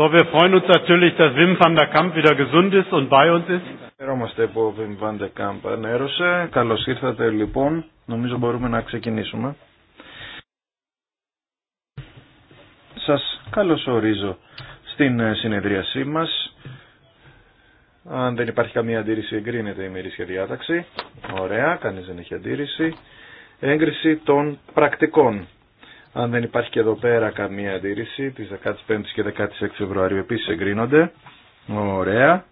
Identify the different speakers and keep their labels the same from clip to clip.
Speaker 1: So, wir freuen uns natürlich, dass Wim van der Kamp wieder gesund ist und bei uns
Speaker 2: ist. που ο Βίμ Βαντεκάμπ ανέρωσε. Καλώς ήρθατε λοιπόν. Νομίζω μπορούμε να ξεκινήσουμε. Σας καλωσορίζω στην ε, συνεδρίασή μας. Αν δεν υπάρχει καμία αντίρρηση εγκρίνεται η μερίσια διάταξη. Ωραία, κανείς δεν έχει αντίρρηση. Έγκριση των πρακτικών αν δεν υπάρχει και εδώ πέρα καμία αντίρρηση, τις 15 και 16 Φεβρουαρίου επίσης εγκρίνονται. Ωραία.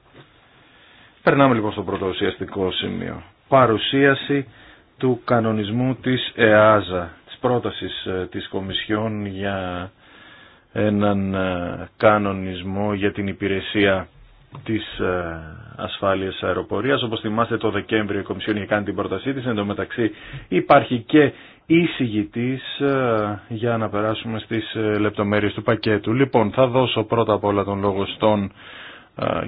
Speaker 2: Περνάμε λοιπόν στο πρώτο σημείο. Παρουσίαση του κανονισμού της ΕΑΖΑ, της πρότασης ε, της Κομισιόν για έναν ε, κανονισμό για την υπηρεσία της ε, ασφάλειας αεροπορίας. Όπως θυμάστε το Δεκέμβριο η Κομισιόν είχε κάνει την πρότασή της. Εν τω μεταξύ υπάρχει και εισηγητής ε, για να περάσουμε στις ε, λεπτομέρειες του πακέτου. Λοιπόν, θα δώσω πρώτα απ' όλα τον λόγο στον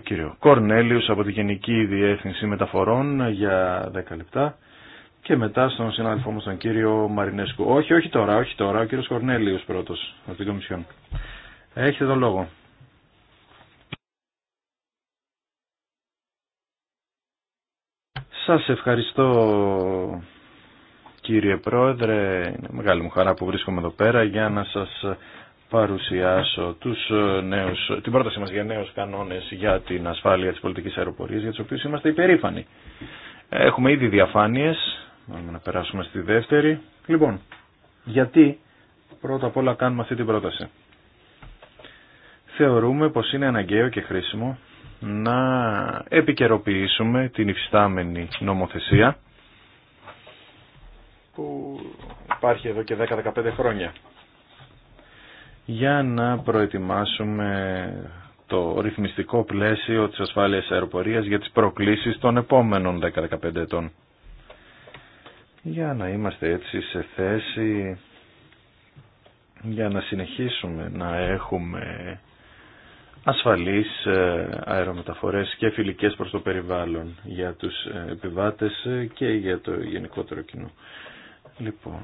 Speaker 2: κύριο Κορνέλιους από τη Γενική Διεύθυνση Μεταφορών για 10 λεπτά και μετά στον συνάδελφό μου τον κύριο Μαρινέσκου. Όχι, όχι τώρα, όχι τώρα, ο κύριος Κορνέλιος πρώτος από την Κομισιόν. Έχετε τον λόγο. Σας ευχαριστώ κύριε Πρόεδρε. Είναι μεγάλη μου χαρά που βρίσκομαι εδώ πέρα για να σας παρουσιάσω τους ε, νέους, την πρόταση μας για νέους κανόνες για την ασφάλεια της πολιτικής αεροπορίας για τους οποίους είμαστε υπερήφανοι. Έχουμε ήδη διαφάνειες, να περάσουμε στη δεύτερη. Λοιπόν, γιατί πρώτα απ' όλα κάνουμε αυτή την πρόταση. Θεωρούμε πως είναι αναγκαίο και χρήσιμο να επικαιροποιήσουμε την υφιστάμενη νομοθεσία που υπάρχει εδώ και 10-15 χρόνια για να προετοιμάσουμε το ρυθμιστικό πλαίσιο της ασφάλειας αεροπορίας για τις προκλήσεις των επόμενων 10-15 ετών. Για να είμαστε έτσι σε θέση για να συνεχίσουμε να έχουμε ασφαλείς ε, αερομεταφορές και φιλικές προς το περιβάλλον για τους ε, επιβάτες ε, και για το γενικότερο κοινό. Λοιπόν,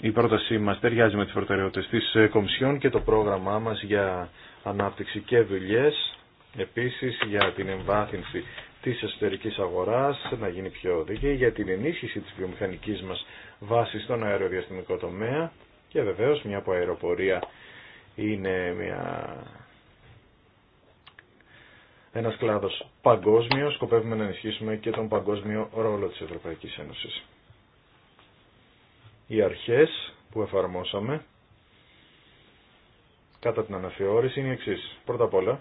Speaker 2: η πρότασή μας ταιριάζει με τις προτεραιότητες της Κομισιόν και το πρόγραμμά μας για ανάπτυξη και δουλειές. Επίσης για την εμβάθυνση της εσωτερικής αγοράς να γίνει πιο οδηγή για την ενίσχυση της βιομηχανικής μας βάσης στον αεροδιαστημικό τομέα και βεβαίως μια από αεροπορία είναι μια ένας κλάδος παγκόσμιο, σκοπεύουμε να ενισχύσουμε και τον παγκόσμιο ρόλο της Ευρωπαϊκής Ένωσης. Οι αρχές που εφαρμόσαμε κατά την αναθεώρηση είναι οι εξής. Πρώτα απ' όλα,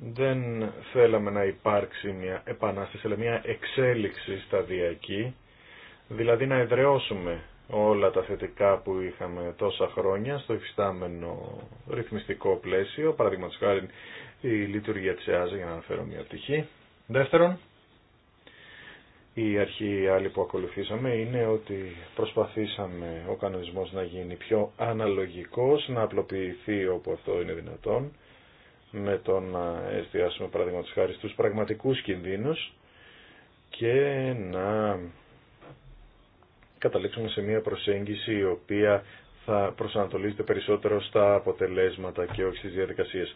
Speaker 2: δεν θέλαμε να υπάρξει μια επανάσταση, αλλά μια εξέλιξη σταδιακή, δηλαδή να εδραιώσουμε όλα τα θετικά που είχαμε τόσα χρόνια στο υφιστάμενο ρυθμιστικό πλαίσιο, παραδείγματο χάρη η λειτουργία της ΕΑΖΑ για να αναφέρω μια πτυχή. Δεύτερον, η αρχή άλλη που ακολουθήσαμε είναι ότι προσπαθήσαμε ο κανονισμός να γίνει πιο αναλογικός, να απλοποιηθεί όπου αυτό είναι δυνατόν, με το να εστιάσουμε παραδείγματο χάρη στους πραγματικούς κινδύνους και να καταλήξουμε σε μια προσέγγιση η οποία θα προσανατολίζεται περισσότερο στα αποτελέσματα και όχι στις διαδικασίες.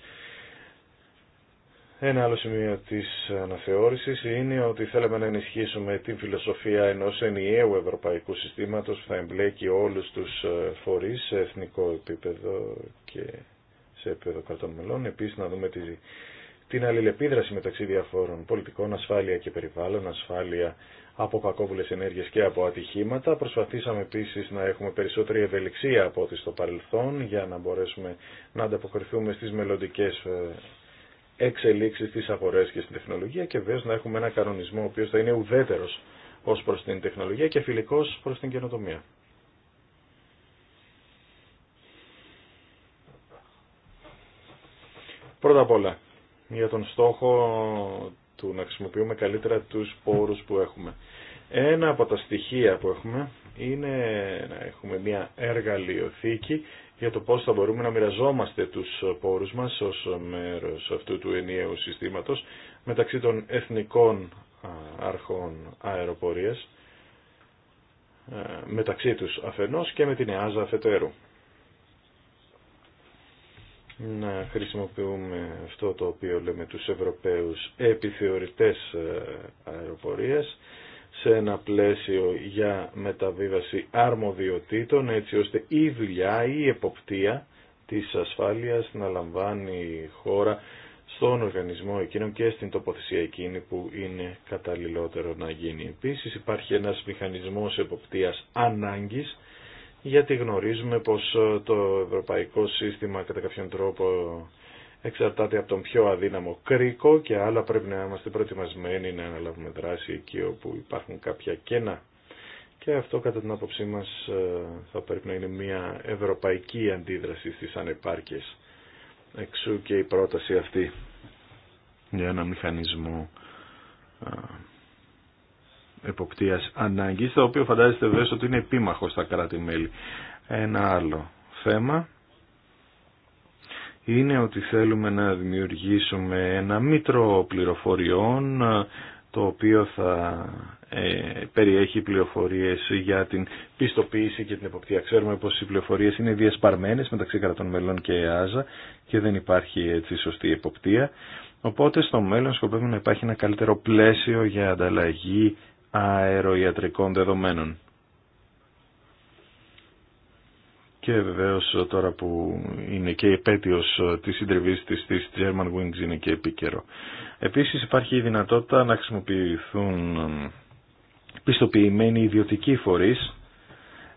Speaker 2: Ένα άλλο σημείο της αναθεώρησης είναι ότι θέλαμε να ενισχύσουμε την φιλοσοφία ενός ενιαίου ευρωπαϊκού συστήματος που θα εμπλέκει όλους τους ε, φορείς σε εθνικό επίπεδο και σε επίπεδο κρατών μελών. Επίσης να δούμε την αλληλεπίδραση μεταξύ διαφόρων πολιτικών, ασφάλεια και περιβάλλον, ασφάλεια από κακόβουλες ενέργειες και από ατυχήματα. Προσπαθήσαμε επίσης να έχουμε περισσότερη ευελιξία από ό,τι στο παρελθόν για να μπορέσουμε να ανταποκριθούμε στις μελλοντικέ ε, εξελίξεις στις αγορές και στην τεχνολογία και βέβαια να έχουμε ένα κανονισμό ο οποίος θα είναι ουδέτερος ως προς την τεχνολογία και φιλικός προς την καινοτομία. Πρώτα απ' όλα, για τον στόχο του να χρησιμοποιούμε καλύτερα τους πόρους που έχουμε. Ένα από τα στοιχεία που έχουμε είναι να έχουμε μια εργαλειοθήκη για το πώς θα μπορούμε να μοιραζόμαστε τους πόρους μας ως μέρος αυτού του ενιαίου συστήματος μεταξύ των εθνικών αρχών αεροπορίας ε, μεταξύ τους αφενός και με την ΕΑΖΑ αφετέρου να χρησιμοποιούμε αυτό το οποίο λέμε τους Ευρωπαίους επιθεωρητές ε, αεροπορίας σε ένα πλαίσιο για μεταβίβαση αρμοδιοτήτων έτσι ώστε η δουλειά ή η εποπτεία της ασφάλειας να λαμβάνει χώρα στον οργανισμό εκείνο και στην τοποθεσία εκείνη που είναι καταλληλότερο να γίνει. Επίσης υπάρχει ένας μηχανισμός εποπτείας ανάγκης γιατί γνωρίζουμε πως ε, το ευρωπαϊκό σύστημα κατά κάποιον τρόπο εξαρτάται από τον πιο αδύναμο κρίκο και άλλα πρέπει να είμαστε προετοιμασμένοι να αναλάβουμε δράση εκεί όπου υπάρχουν κάποια κένα. Και αυτό κατά την άποψή μας ε, θα πρέπει να είναι μια ευρωπαϊκή αντίδραση στις ανεπάρκειες. Εξού και η πρόταση αυτή για ένα μηχανισμό εποπτεία ανάγκη, το οποίο φαντάζεστε βέβαια ότι είναι επίμαχο στα κράτη-μέλη. Ένα άλλο θέμα είναι ότι θέλουμε να δημιουργήσουμε ένα μήτρο πληροφοριών το οποίο θα ε, περιέχει πληροφορίες για την πιστοποίηση και την εποπτεία. Ξέρουμε πως οι πληροφορίες είναι διασπαρμένες μεταξύ κρατών μελών και ΕΑΖΑ και δεν υπάρχει έτσι σωστή εποπτεία. Οπότε στο μέλλον σκοπεύουμε να υπάρχει ένα καλύτερο πλαίσιο για ανταλλαγή αεροιατρικών δεδομένων. Και βεβαίως τώρα που είναι και η επέτειος της συντριβής της της German Wings είναι και επίκαιρο. Επίσης υπάρχει η δυνατότητα να χρησιμοποιηθούν πιστοποιημένοι ιδιωτικοί φορείς.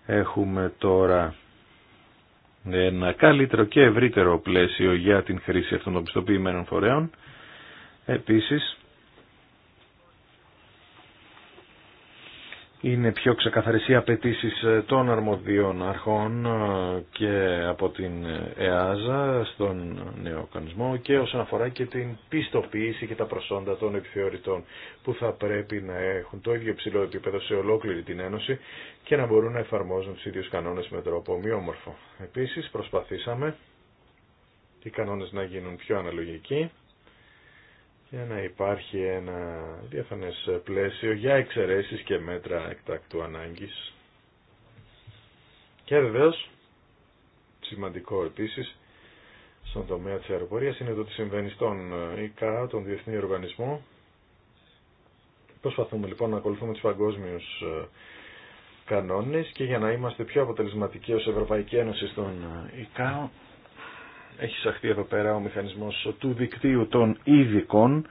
Speaker 2: Έχουμε τώρα ένα καλύτερο και ευρύτερο πλαίσιο για την χρήση αυτών των πιστοποιημένων φορέων. Επίσης είναι πιο ξεκαθαρισή απαιτήσει ε, των αρμοδίων αρχών ε, και από την ΕΑΖΑ στον νέο κανονισμό και όσον αφορά και την πιστοποίηση και τα προσόντα των επιθεωρητών που θα πρέπει να έχουν το ίδιο υψηλό επίπεδο σε ολόκληρη την Ένωση και να μπορούν να εφαρμόζουν τις ίδιους κανόνες με τρόπο ομοιόμορφο. Επίσης προσπαθήσαμε οι κανόνες να γίνουν πιο αναλογικοί για να υπάρχει ένα διαφανές πλαίσιο για εξαιρέσεις και μέτρα εκτακτού ανάγκης. Και βεβαίως, σημαντικό επίσης, στον τομέα της αεροπορίας είναι το τι συμβαίνει στον ΙΚΑ, τον Διεθνή Οργανισμό. Προσπαθούμε λοιπόν να ακολουθούμε τις παγκόσμιους ε, κανόνες και για να είμαστε πιο αποτελεσματικοί ως Ευρωπαϊκή Ένωση στον ε, ΙΚΑ έχει σαχθεί εδώ πέρα ο μηχανισμός του δικτύου των ειδικών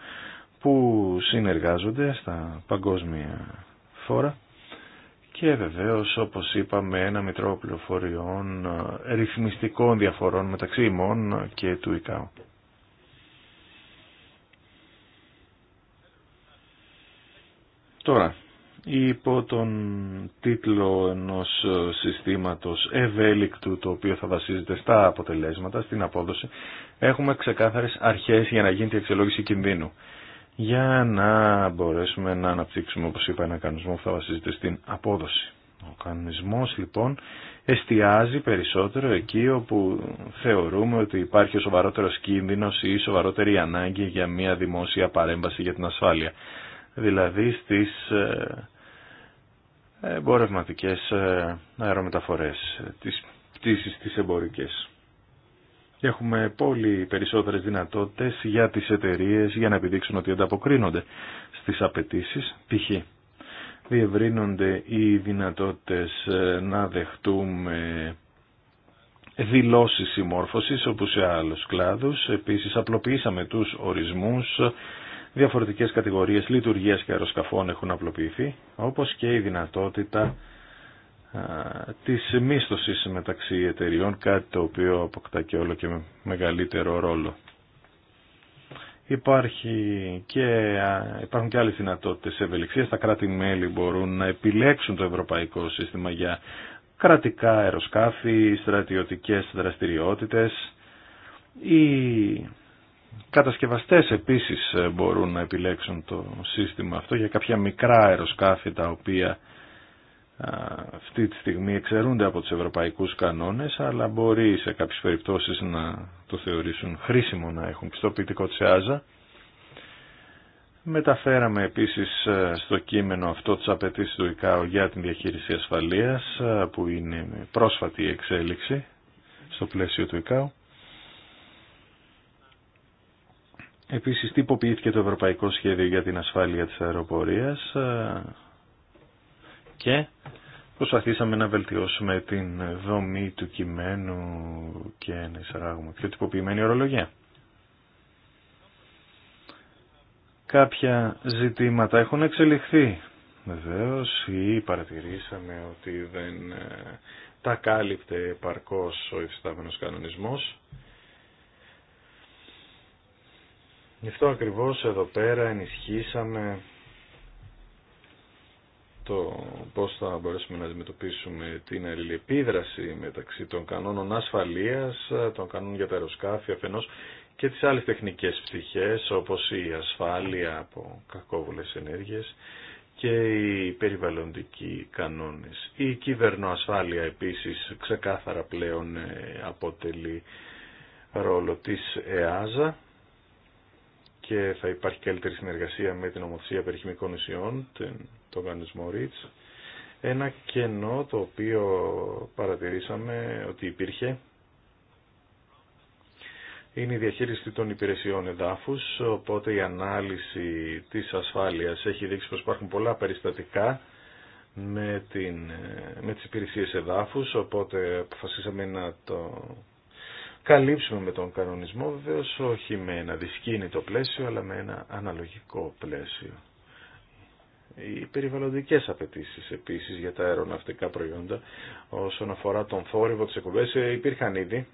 Speaker 2: που συνεργάζονται στα παγκόσμια φόρα και βεβαίως όπως είπαμε ένα μητρό πληροφοριών ε, ρυθμιστικών διαφορών μεταξύ ημών και του ΙΚΑΟ. Τώρα, υπό τον τίτλο ενός συστήματος ευέλικτου το οποίο θα βασίζεται στα αποτελέσματα, στην απόδοση, έχουμε ξεκάθαρες αρχές για να γίνει η εξελόγηση κινδύνου. Για να μπορέσουμε να αναπτύξουμε, όπως είπα, ένα κανονισμό που θα βασίζεται στην απόδοση. Ο κανονισμός λοιπόν εστιάζει περισσότερο εκεί όπου θεωρούμε ότι υπάρχει ο σοβαρότερος κίνδυνος ή η σοβαροτερη ανάγκη για μια δημόσια παρέμβαση για την ασφάλεια δηλαδή στις ε, ε, εμπορευματικές ε, αερομεταφορές, τις πτήσεις τις εμπορικές. Έχουμε πολύ περισσότερες δυνατότητες για τις εταιρείε για να επιδείξουν ότι ανταποκρίνονται στις απαιτήσεις, π.χ. Διευρύνονται οι δυνατότητες ε, να δεχτούμε δηλώσεις συμμόρφωσης, όπως σε άλλους κλάδους. Επίσης, απλοποιήσαμε τους ορισμούς, διαφορετικές κατηγορίες λειτουργίας και αεροσκαφών έχουν απλοποιηθεί, όπως και η δυνατότητα της μίσθωσης μεταξύ εταιριών, κάτι το οποίο αποκτά και όλο και μεγαλύτερο ρόλο. Υπάρχει και, υπάρχουν και άλλες δυνατότητες ευελιξίας. Τα κράτη-μέλη μπορούν να επιλέξουν το ευρωπαϊκό σύστημα για κρατικά αεροσκάφη, στρατιωτικές δραστηριότητες ή Κατασκευαστές επίσης ε, μπορούν να επιλέξουν το σύστημα αυτό για κάποια μικρά αεροσκάφη τα οποία αυτή τη στιγμή εξαιρούνται από τους ευρωπαϊκούς κανόνες αλλά μπορεί σε κάποιες περιπτώσεις να το θεωρήσουν χρήσιμο να έχουν πιστοποιητικό της ΕΑΖΑ. Μεταφέραμε επίσης ε, στο κείμενο αυτό τις απαιτήσει του ΙΚΑΟ για την διαχείριση ασφαλείας ε, που είναι πρόσφατη εξέλιξη στο πλαίσιο του ΙΚΑΟ. Επίσης τυποποιήθηκε το Ευρωπαϊκό Σχέδιο για την Ασφάλεια της Αεροπορίας ε, και προσπαθήσαμε να βελτιώσουμε την δομή του κειμένου και να εισαγάγουμε πιο τυποποιημένη ορολογία. Κάποια ζητήματα έχουν εξελιχθεί. Βεβαίω ή παρατηρήσαμε ότι δεν ε, τα κάλυπτε επαρκώς ο υφιστάμενος κανονισμός Γι' αυτό ακριβώς εδώ πέρα ενισχύσαμε το πώς θα μπορέσουμε να αντιμετωπίσουμε την αλληλεπίδραση μεταξύ των κανόνων ασφαλείας, των κανόνων για τα αεροσκάφη αφενός και τις άλλες τεχνικές πτυχές όπως η ασφάλεια από κακόβουλες ενέργειες και οι περιβαλλοντικοί κανόνες. Η κυβερνοασφάλεια επίσης ξεκάθαρα πλέον ε, αποτελεί ρόλο της ΕΑΖΑ και θα υπάρχει καλύτερη συνεργασία με την Ομοθεσία Περιχημικών Ισιών, τον οργανισμό REACH. Ένα κενό το οποίο παρατηρήσαμε ότι υπήρχε είναι η διαχείριση των υπηρεσιών εδάφους, οπότε η ανάλυση της ασφάλειας έχει δείξει πως υπάρχουν πολλά περιστατικά με, την, με τις υπηρεσίες εδάφους, οπότε αποφασίσαμε να το καλύψουμε με τον κανονισμό βεβαίως όχι με ένα δυσκίνητο πλαίσιο αλλά με ένα αναλογικό πλαίσιο. Οι περιβαλλοντικές απαιτήσεις επίσης για τα αεροναυτικά προϊόντα όσον αφορά τον θόρυβο της εκπομπές ε, υπήρχαν ήδη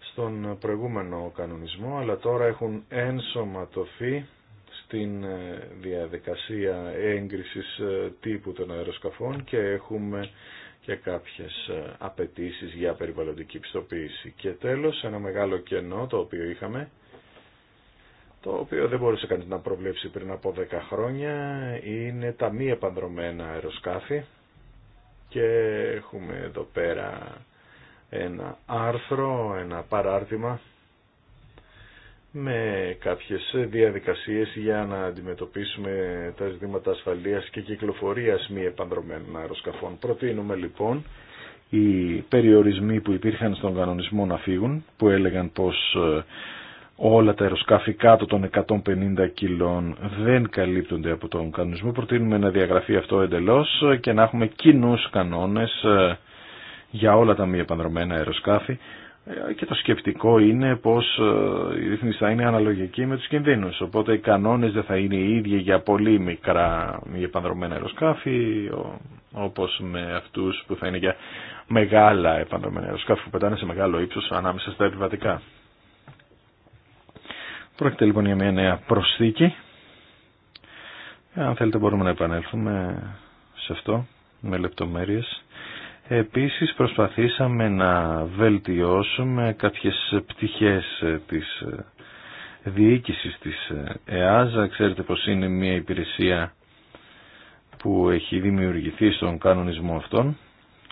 Speaker 2: στον προηγούμενο κανονισμό αλλά τώρα έχουν ενσωματωθεί στην ε, διαδικασία έγκρισης ε, τύπου των αεροσκαφών και έχουμε και κάποιες ε, απαιτήσει για περιβαλλοντική πιστοποίηση. Και τέλος, ένα μεγάλο κενό το οποίο είχαμε, το οποίο δεν μπορούσε κανείς να προβλέψει πριν από 10 χρόνια, είναι τα μη επανδρομένα αεροσκάφη και έχουμε εδώ πέρα ένα άρθρο, ένα παράρτημα με κάποιες διαδικασίες για να αντιμετωπίσουμε τα ζητήματα ασφαλείας και κυκλοφορίας μη επανδρομένων αεροσκαφών. Προτείνουμε λοιπόν οι περιορισμοί που υπήρχαν στον κανονισμό να φύγουν, που έλεγαν πως ε, όλα τα αεροσκάφη κάτω των 150 κιλών δεν καλύπτονται από τον κανονισμό. Προτείνουμε να διαγραφεί αυτό εντελώς και να έχουμε κοινού κανόνες ε, για όλα τα μη επανδρομένα αεροσκάφη ε, και το σκεπτικό είναι πως ε, η ρύθμιση θα είναι αναλογική με τους κινδύνους. Οπότε οι κανόνες δεν θα είναι οι ίδιοι για πολύ μικρά μη επανδρομένα αεροσκάφη όπως με αυτούς που θα είναι για μεγάλα επανδρομένα αεροσκάφη που πετάνε σε μεγάλο ύψος ανάμεσα στα επιβατικά. Πρόκειται λοιπόν για μια νέα προσθήκη. Ε, αν θέλετε μπορούμε να επανέλθουμε σε αυτό με λεπτομέρειες. Επίσης προσπαθήσαμε να βελτιώσουμε κάποιες πτυχές ε, της ε, διοίκησης της ε, ΕΑΖΑ. Ξέρετε πως είναι μια υπηρεσία που έχει δημιουργηθεί στον κανονισμό αυτόν.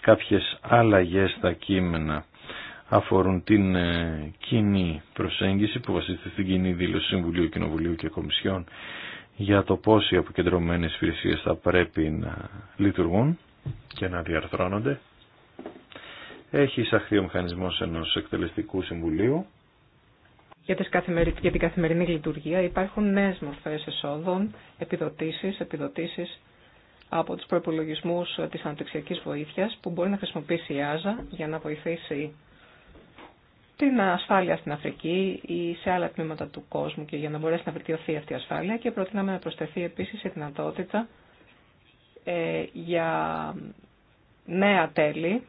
Speaker 2: Κάποιες άλλαγες στα κείμενα αφορούν την κοινή προσέγγιση που βασίζεται στην κοινή δήλωση Συμβουλίου, Κοινοβουλίου και Κομισιών για το πώς οι αποκεντρωμένες υπηρεσίες θα πρέπει να λειτουργούν και να διαρθρώνονται. Έχει εισαχθεί ο μηχανισμός ενός εκτελεστικού συμβουλίου.
Speaker 3: Για, τις καθημερι... για την καθημερινή λειτουργία υπάρχουν νέες μορφές εσόδων, επιδοτήσεις, επιδοτήσεις από τους προϋπολογισμούς της αναπτυξιακής βοήθειας που μπορεί να χρησιμοποιήσει η ΆΖΑ για να βοηθήσει την ασφάλεια στην Αφρική ή σε άλλα τμήματα του κόσμου και για να μπορέσει να βελτιωθεί αυτή η ασφάλεια και προτείναμε να προσθεθεί επίσης η δυνατότητα ε, για νέα τέλη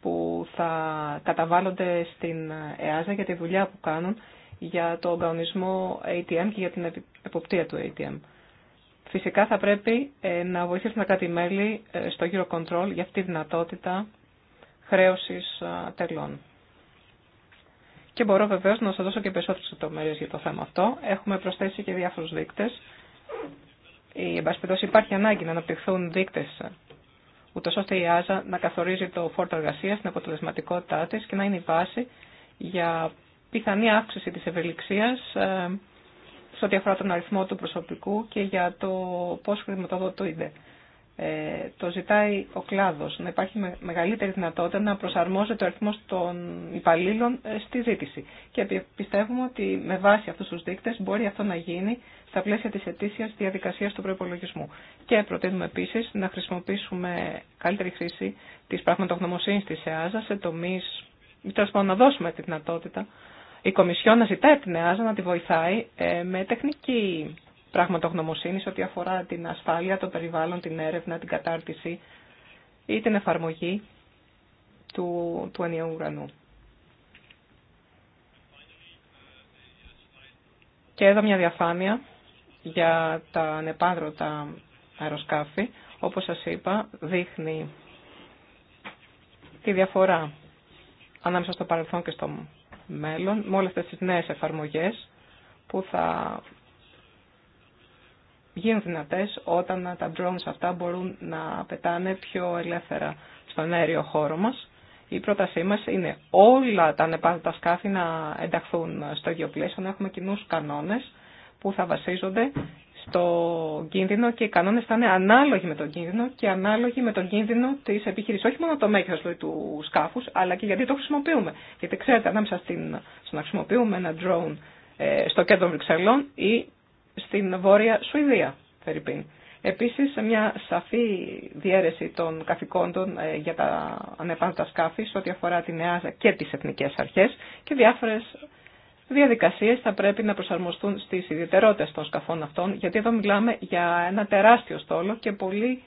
Speaker 3: που θα καταβάλλονται στην ΕΑΖΑ για τη δουλειά που κάνουν για τον κανονισμό ATM και για την εποπτεία του ATM. Φυσικά θα πρέπει ε, να βοηθήσουν κάτι μελη ε, στο Eurocontrol για αυτή τη δυνατότητα χρέωσης τελών. Και μπορώ βεβαίως να σας δώσω και περισσότερες λεπτομέρειες για το θέμα αυτό. Έχουμε προσθέσει και διάφορους δείκτες ή ε, εμπασπιδός υπάρχει ανάγκη να αναπτυχθούν δείκτες ε, ούτω ώστε η υπαρχει αναγκη να καθορίζει το φόρτο εργασία, την αποτελεσματικότητά τη και να είναι η βάση για πιθανή αύξηση τη ευελιξία ε, σε ό,τι αφορά τον αριθμό του προσωπικού και για το πώ χρηματοδοτούνται. Ε, το ζητάει ο κλάδο να υπάρχει μεγαλύτερη δυνατότητα να προσαρμόζεται ο αριθμό των υπαλλήλων στη ζήτηση. Και πιστεύουμε ότι με βάση αυτού του δείκτε μπορεί αυτό να γίνει στα πλαίσια της ετήσιας διαδικασίας του προϋπολογισμού. Και προτείνουμε επίσης να χρησιμοποιήσουμε καλύτερη χρήση της πραγματογνωμοσύνης της ΕΑΖΑ σε τομείς, τέλος πάντων να δώσουμε τη δυνατότητα η Κομισιόν να ζητάει την ΕΑΖΑ να τη βοηθάει ε, με τεχνική πραγματογνωμοσύνη σε ό,τι αφορά την ασφάλεια, το περιβάλλον, την έρευνα, την κατάρτιση ή την εφαρμογή του, του ενιαίου ουρανού. Και εδώ μια διαφάνεια για τα τα αεροσκάφη, όπως σας είπα, δείχνει τη διαφορά ανάμεσα στο παρελθόν και στο μέλλον, με όλες αυτές τις νέες εφαρμογές που θα γίνουν δυνατές όταν τα drones αυτά μπορούν να πετάνε πιο ελεύθερα στον αέριο χώρο μας. Η πρότασή μας είναι όλα τα ανεπάνδρωτα σκάφη να ενταχθούν στο πλαίσιο, να έχουμε κοινούς κανόνες που θα βασίζονται στο κίνδυνο και οι κανόνε θα είναι ανάλογοι με τον κίνδυνο και ανάλογοι με τον κίνδυνο τη επιχείρηση. Όχι μόνο το μέγεθο του σκάφου, αλλά και γιατί το χρησιμοποιούμε. Γιατί ξέρετε, ανάμεσα στην, στο να χρησιμοποιούμε ένα drone ε, στο κέντρο Βρυξελών ή στην βόρεια Σουηδία, Φερρυπίν. Επίση, μια σαφή διαίρεση των καθηκόντων ε, για τα ανεπάνωτα σκάφη σε ό,τι αφορά την ΕΑΖΑ και τι εθνικέ αρχέ, και διάφορε διαδικασίες θα πρέπει να προσαρμοστούν στις ιδιαιτερότητε των σκαφών αυτών, γιατί εδώ μιλάμε για ένα τεράστιο στόλο και πολλοί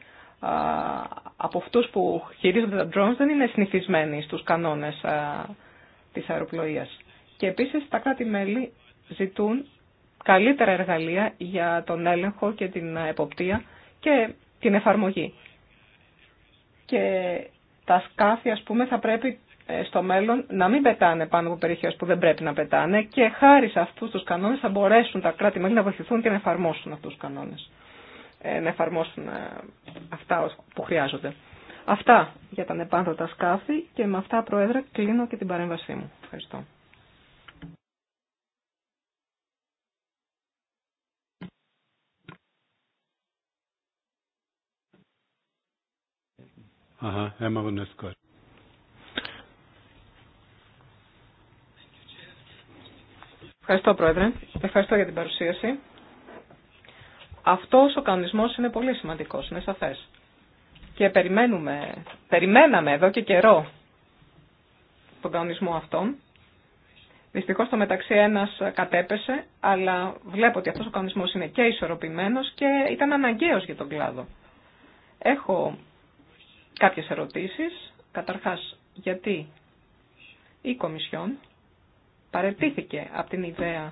Speaker 3: από αυτού που χειρίζονται τα drones δεν είναι συνηθισμένοι στους κανόνες τη αεροπλοεία. Και επίσης τα κράτη-μέλη ζητούν καλύτερα εργαλεία για τον έλεγχο και την εποπτεία και την εφαρμογή. Και τα σκάφη, ας πούμε, θα πρέπει ε, στο μέλλον να μην πετάνε πάνω από περιοχές που δεν πρέπει να πετάνε και χάρη σε αυτούς τους κανόνες θα μπορέσουν τα κράτη-μέλη να βοηθηθούν και να εφαρμόσουν αυτούς τους κανόνες. Ε, να εφαρμόσουν ε, αυτά που χρειάζονται. Αυτά για τα νεπάνθρωτα σκάφη και με αυτά, Πρόεδρε, κλείνω και την παρέμβασή μου. Ευχαριστώ. έμαθα να Ευχαριστώ, Πρόεδρε. Ευχαριστώ για την παρουσίαση. Αυτό ο κανονισμό είναι πολύ σημαντικό, είναι σαφέ. Και περιμένουμε, περιμέναμε εδώ και καιρό τον κανονισμό αυτόν. Δυστυχώ στο μεταξύ ένα κατέπεσε, αλλά βλέπω ότι αυτό ο κανονισμός είναι και ισορροπημένο και ήταν αναγκαίο για τον κλάδο. Έχω κάποιε ερωτήσει. Καταρχά γιατί η Κομισιόν παρετήθηκε από την ιδέα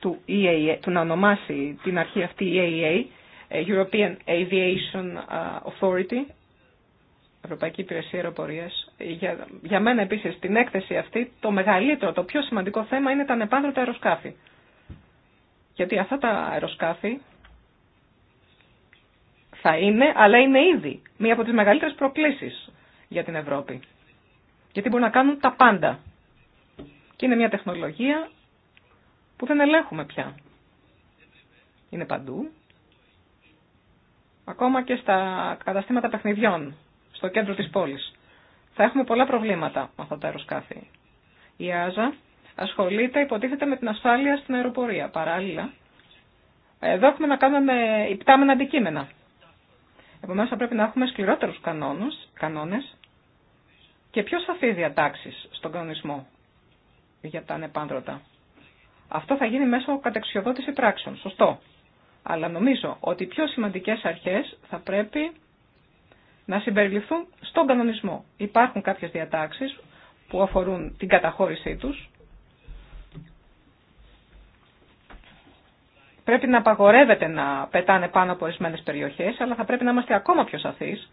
Speaker 3: του, e του να ονομάσει την αρχή αυτή EAA, European Aviation uh, Authority, Ευρωπαϊκή Υπηρεσία Αεροπορίας. Για, για μένα επίσης στην έκθεση αυτή το μεγαλύτερο, το πιο σημαντικό θέμα είναι τα ανεπάνδρωτα αεροσκάφη. Γιατί αυτά τα αεροσκάφη θα είναι, αλλά είναι ήδη μία από τις μεγαλύτερες προκλήσεις για την Ευρώπη. Γιατί μπορούν να κάνουν τα πάντα. Και είναι μια τεχνολογία που δεν ελέγχουμε πια. Είναι παντού. Ακόμα και στα καταστήματα παιχνιδιών, στο κέντρο της πόλης. Θα έχουμε πολλά προβλήματα με αυτά τα αεροσκάφη. Η Άζα ασχολείται, υποτίθεται, με την ασφάλεια στην αεροπορία. Παράλληλα, εδώ έχουμε να κάνουμε υπτάμενα αντικείμενα. Επομένως, θα πρέπει να έχουμε σκληρότερους κανόνους, κανόνες και θα φύγει διατάξεις στον κανονισμό για τα ανεπάνδρωτα. Αυτό θα γίνει μέσω κατεξιοδότηση πράξεων, σωστό. Αλλά νομίζω ότι οι πιο σημαντικές αρχές θα πρέπει να συμπεριληφθούν στον κανονισμό. Υπάρχουν κάποιες διατάξεις που αφορούν την καταχώρησή τους. Πρέπει να απαγορεύεται να πετάνε πάνω από ορισμένε περιοχές, αλλά θα πρέπει να είμαστε ακόμα πιο σαφείς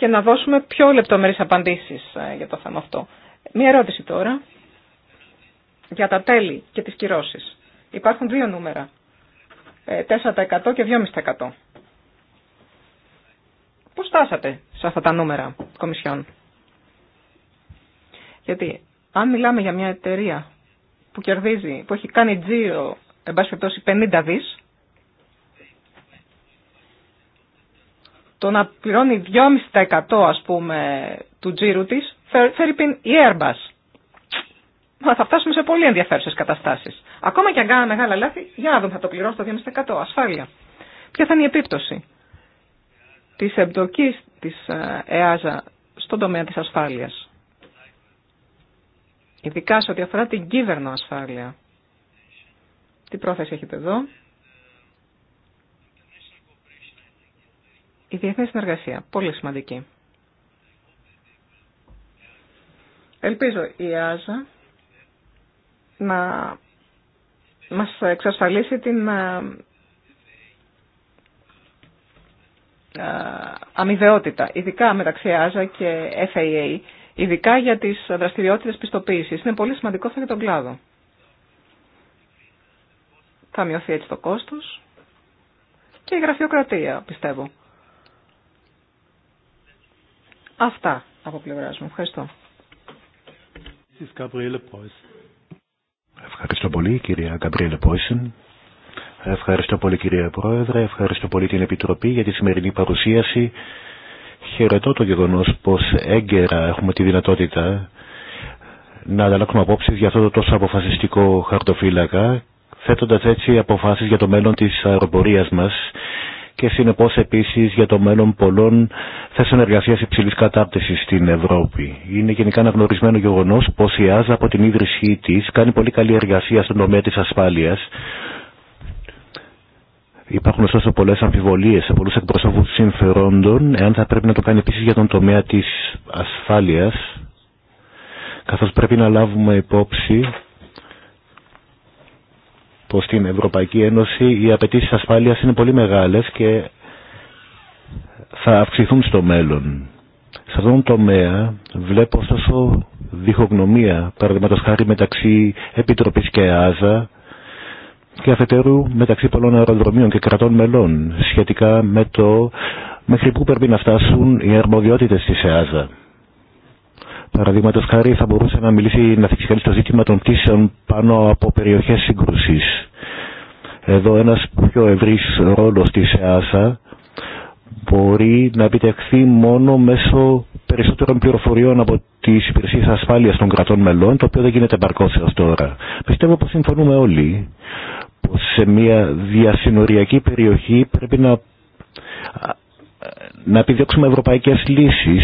Speaker 3: και να δώσουμε πιο λεπτομερείς απαντήσεις ε, για το θέμα αυτό. Μία ερώτηση τώρα για τα τέλη και τις κυρώσεις. Υπάρχουν δύο νούμερα, 4% ε, και 2,5%. Πώς στάσατε σε αυτά τα νούμερα κομισιών. Γιατί αν μιλάμε για μια εταιρεία που κερδίζει, που έχει κάνει τζίρο, εν πάση 50 δις, το να πληρώνει 2,5% ας πούμε του τζίρου της, φέρει πιν η Airbus. Μα θα φτάσουμε σε πολύ ενδιαφέρουσες καταστάσεις. Ακόμα και αν κάναμε μεγάλα λάθη, για να δούμε, θα το πληρώσω το 2,5% ασφάλεια. Ποια θα είναι η επίπτωση της εμπτοκής της ε, ΕΑΖΑ στον τομέα της ασφάλειας. Ειδικά σε ό,τι αφορά την κύβερνο ασφάλεια. Τι πρόθεση έχετε εδώ. Η διεθνή συνεργασία, πολύ σημαντική. Ελπίζω η ΆΖΑ να μας εξασφαλίσει την ε, ε, αμοιβαιότητα, ειδικά μεταξύ ΆΖΑ και FAA, ειδικά για τις δραστηριότητες πιστοποίησης. Είναι πολύ σημαντικό αυτό για τον κλάδο. Θα μειωθεί έτσι το κόστος και η γραφειοκρατία, πιστεύω. Αυτά από πλευράς μου. Ευχαριστώ.
Speaker 1: Ευχαριστώ πολύ κυρία Γκαμπρίλε Πόισεν. Ευχαριστώ πολύ κυρία Πρόεδρε, ευχαριστώ πολύ την Επιτροπή για τη σημερινή παρουσίαση. Χαιρετώ το γεγονός πως έγκαιρα έχουμε τη δυνατότητα να ανταλλάξουμε απόψεις για αυτό το τόσο αποφασιστικό χαρτοφύλακα, θέτοντας έτσι αποφάσεις για το μέλλον της αεροπορίας μας και συνεπώς επίσης για το μέλλον πολλών θέσεων εργασία υψηλής κατάρτισης στην Ευρώπη. Είναι γενικά αναγνωρισμένο γεγονός πως η ΆΖΑ από την ίδρυσή της κάνει πολύ καλή εργασία στον τομέα της ασφάλειας Υπάρχουν ωστόσο πολλέ αμφιβολίες σε πολλού εκπροσώπου συμφερόντων, εάν θα πρέπει να το κάνει επίση για τον τομέα τη ασφάλεια, καθώ πρέπει να λάβουμε υπόψη προς την Ευρωπαϊκή Ένωση οι απαιτήσει ασφάλειας είναι πολύ μεγάλες και θα αυξηθούν στο μέλλον. Σε αυτόν τον τομέα βλέπω ωστόσο διχογνωμία, παραδείγματο χάρη μεταξύ Επιτροπής και ΑΖΑ και αφετέρου μεταξύ πολλών αεροδρομίων και κρατών μελών σχετικά με το μέχρι πού πρέπει να φτάσουν οι αρμοδιότητες της ΕΑΖΑ. Παραδείγματο χάρη θα μπορούσε να μιλήσει, να θίξει το ζήτημα των πτήσεων πάνω από περιοχέ σύγκρουση. Εδώ ένα πιο ευρύ ρόλο τη ΕΑΣΑ μπορεί να επιτευχθεί μόνο μέσω περισσότερων πληροφοριών από τι υπηρεσίε ασφάλεια των κρατών μελών, το οποίο δεν γίνεται επαρκώ έω τώρα. Πιστεύω πω συμφωνούμε όλοι πω σε μια διασυνοριακή περιοχή πρέπει να, να επιδιώξουμε ευρωπαϊκέ λύσει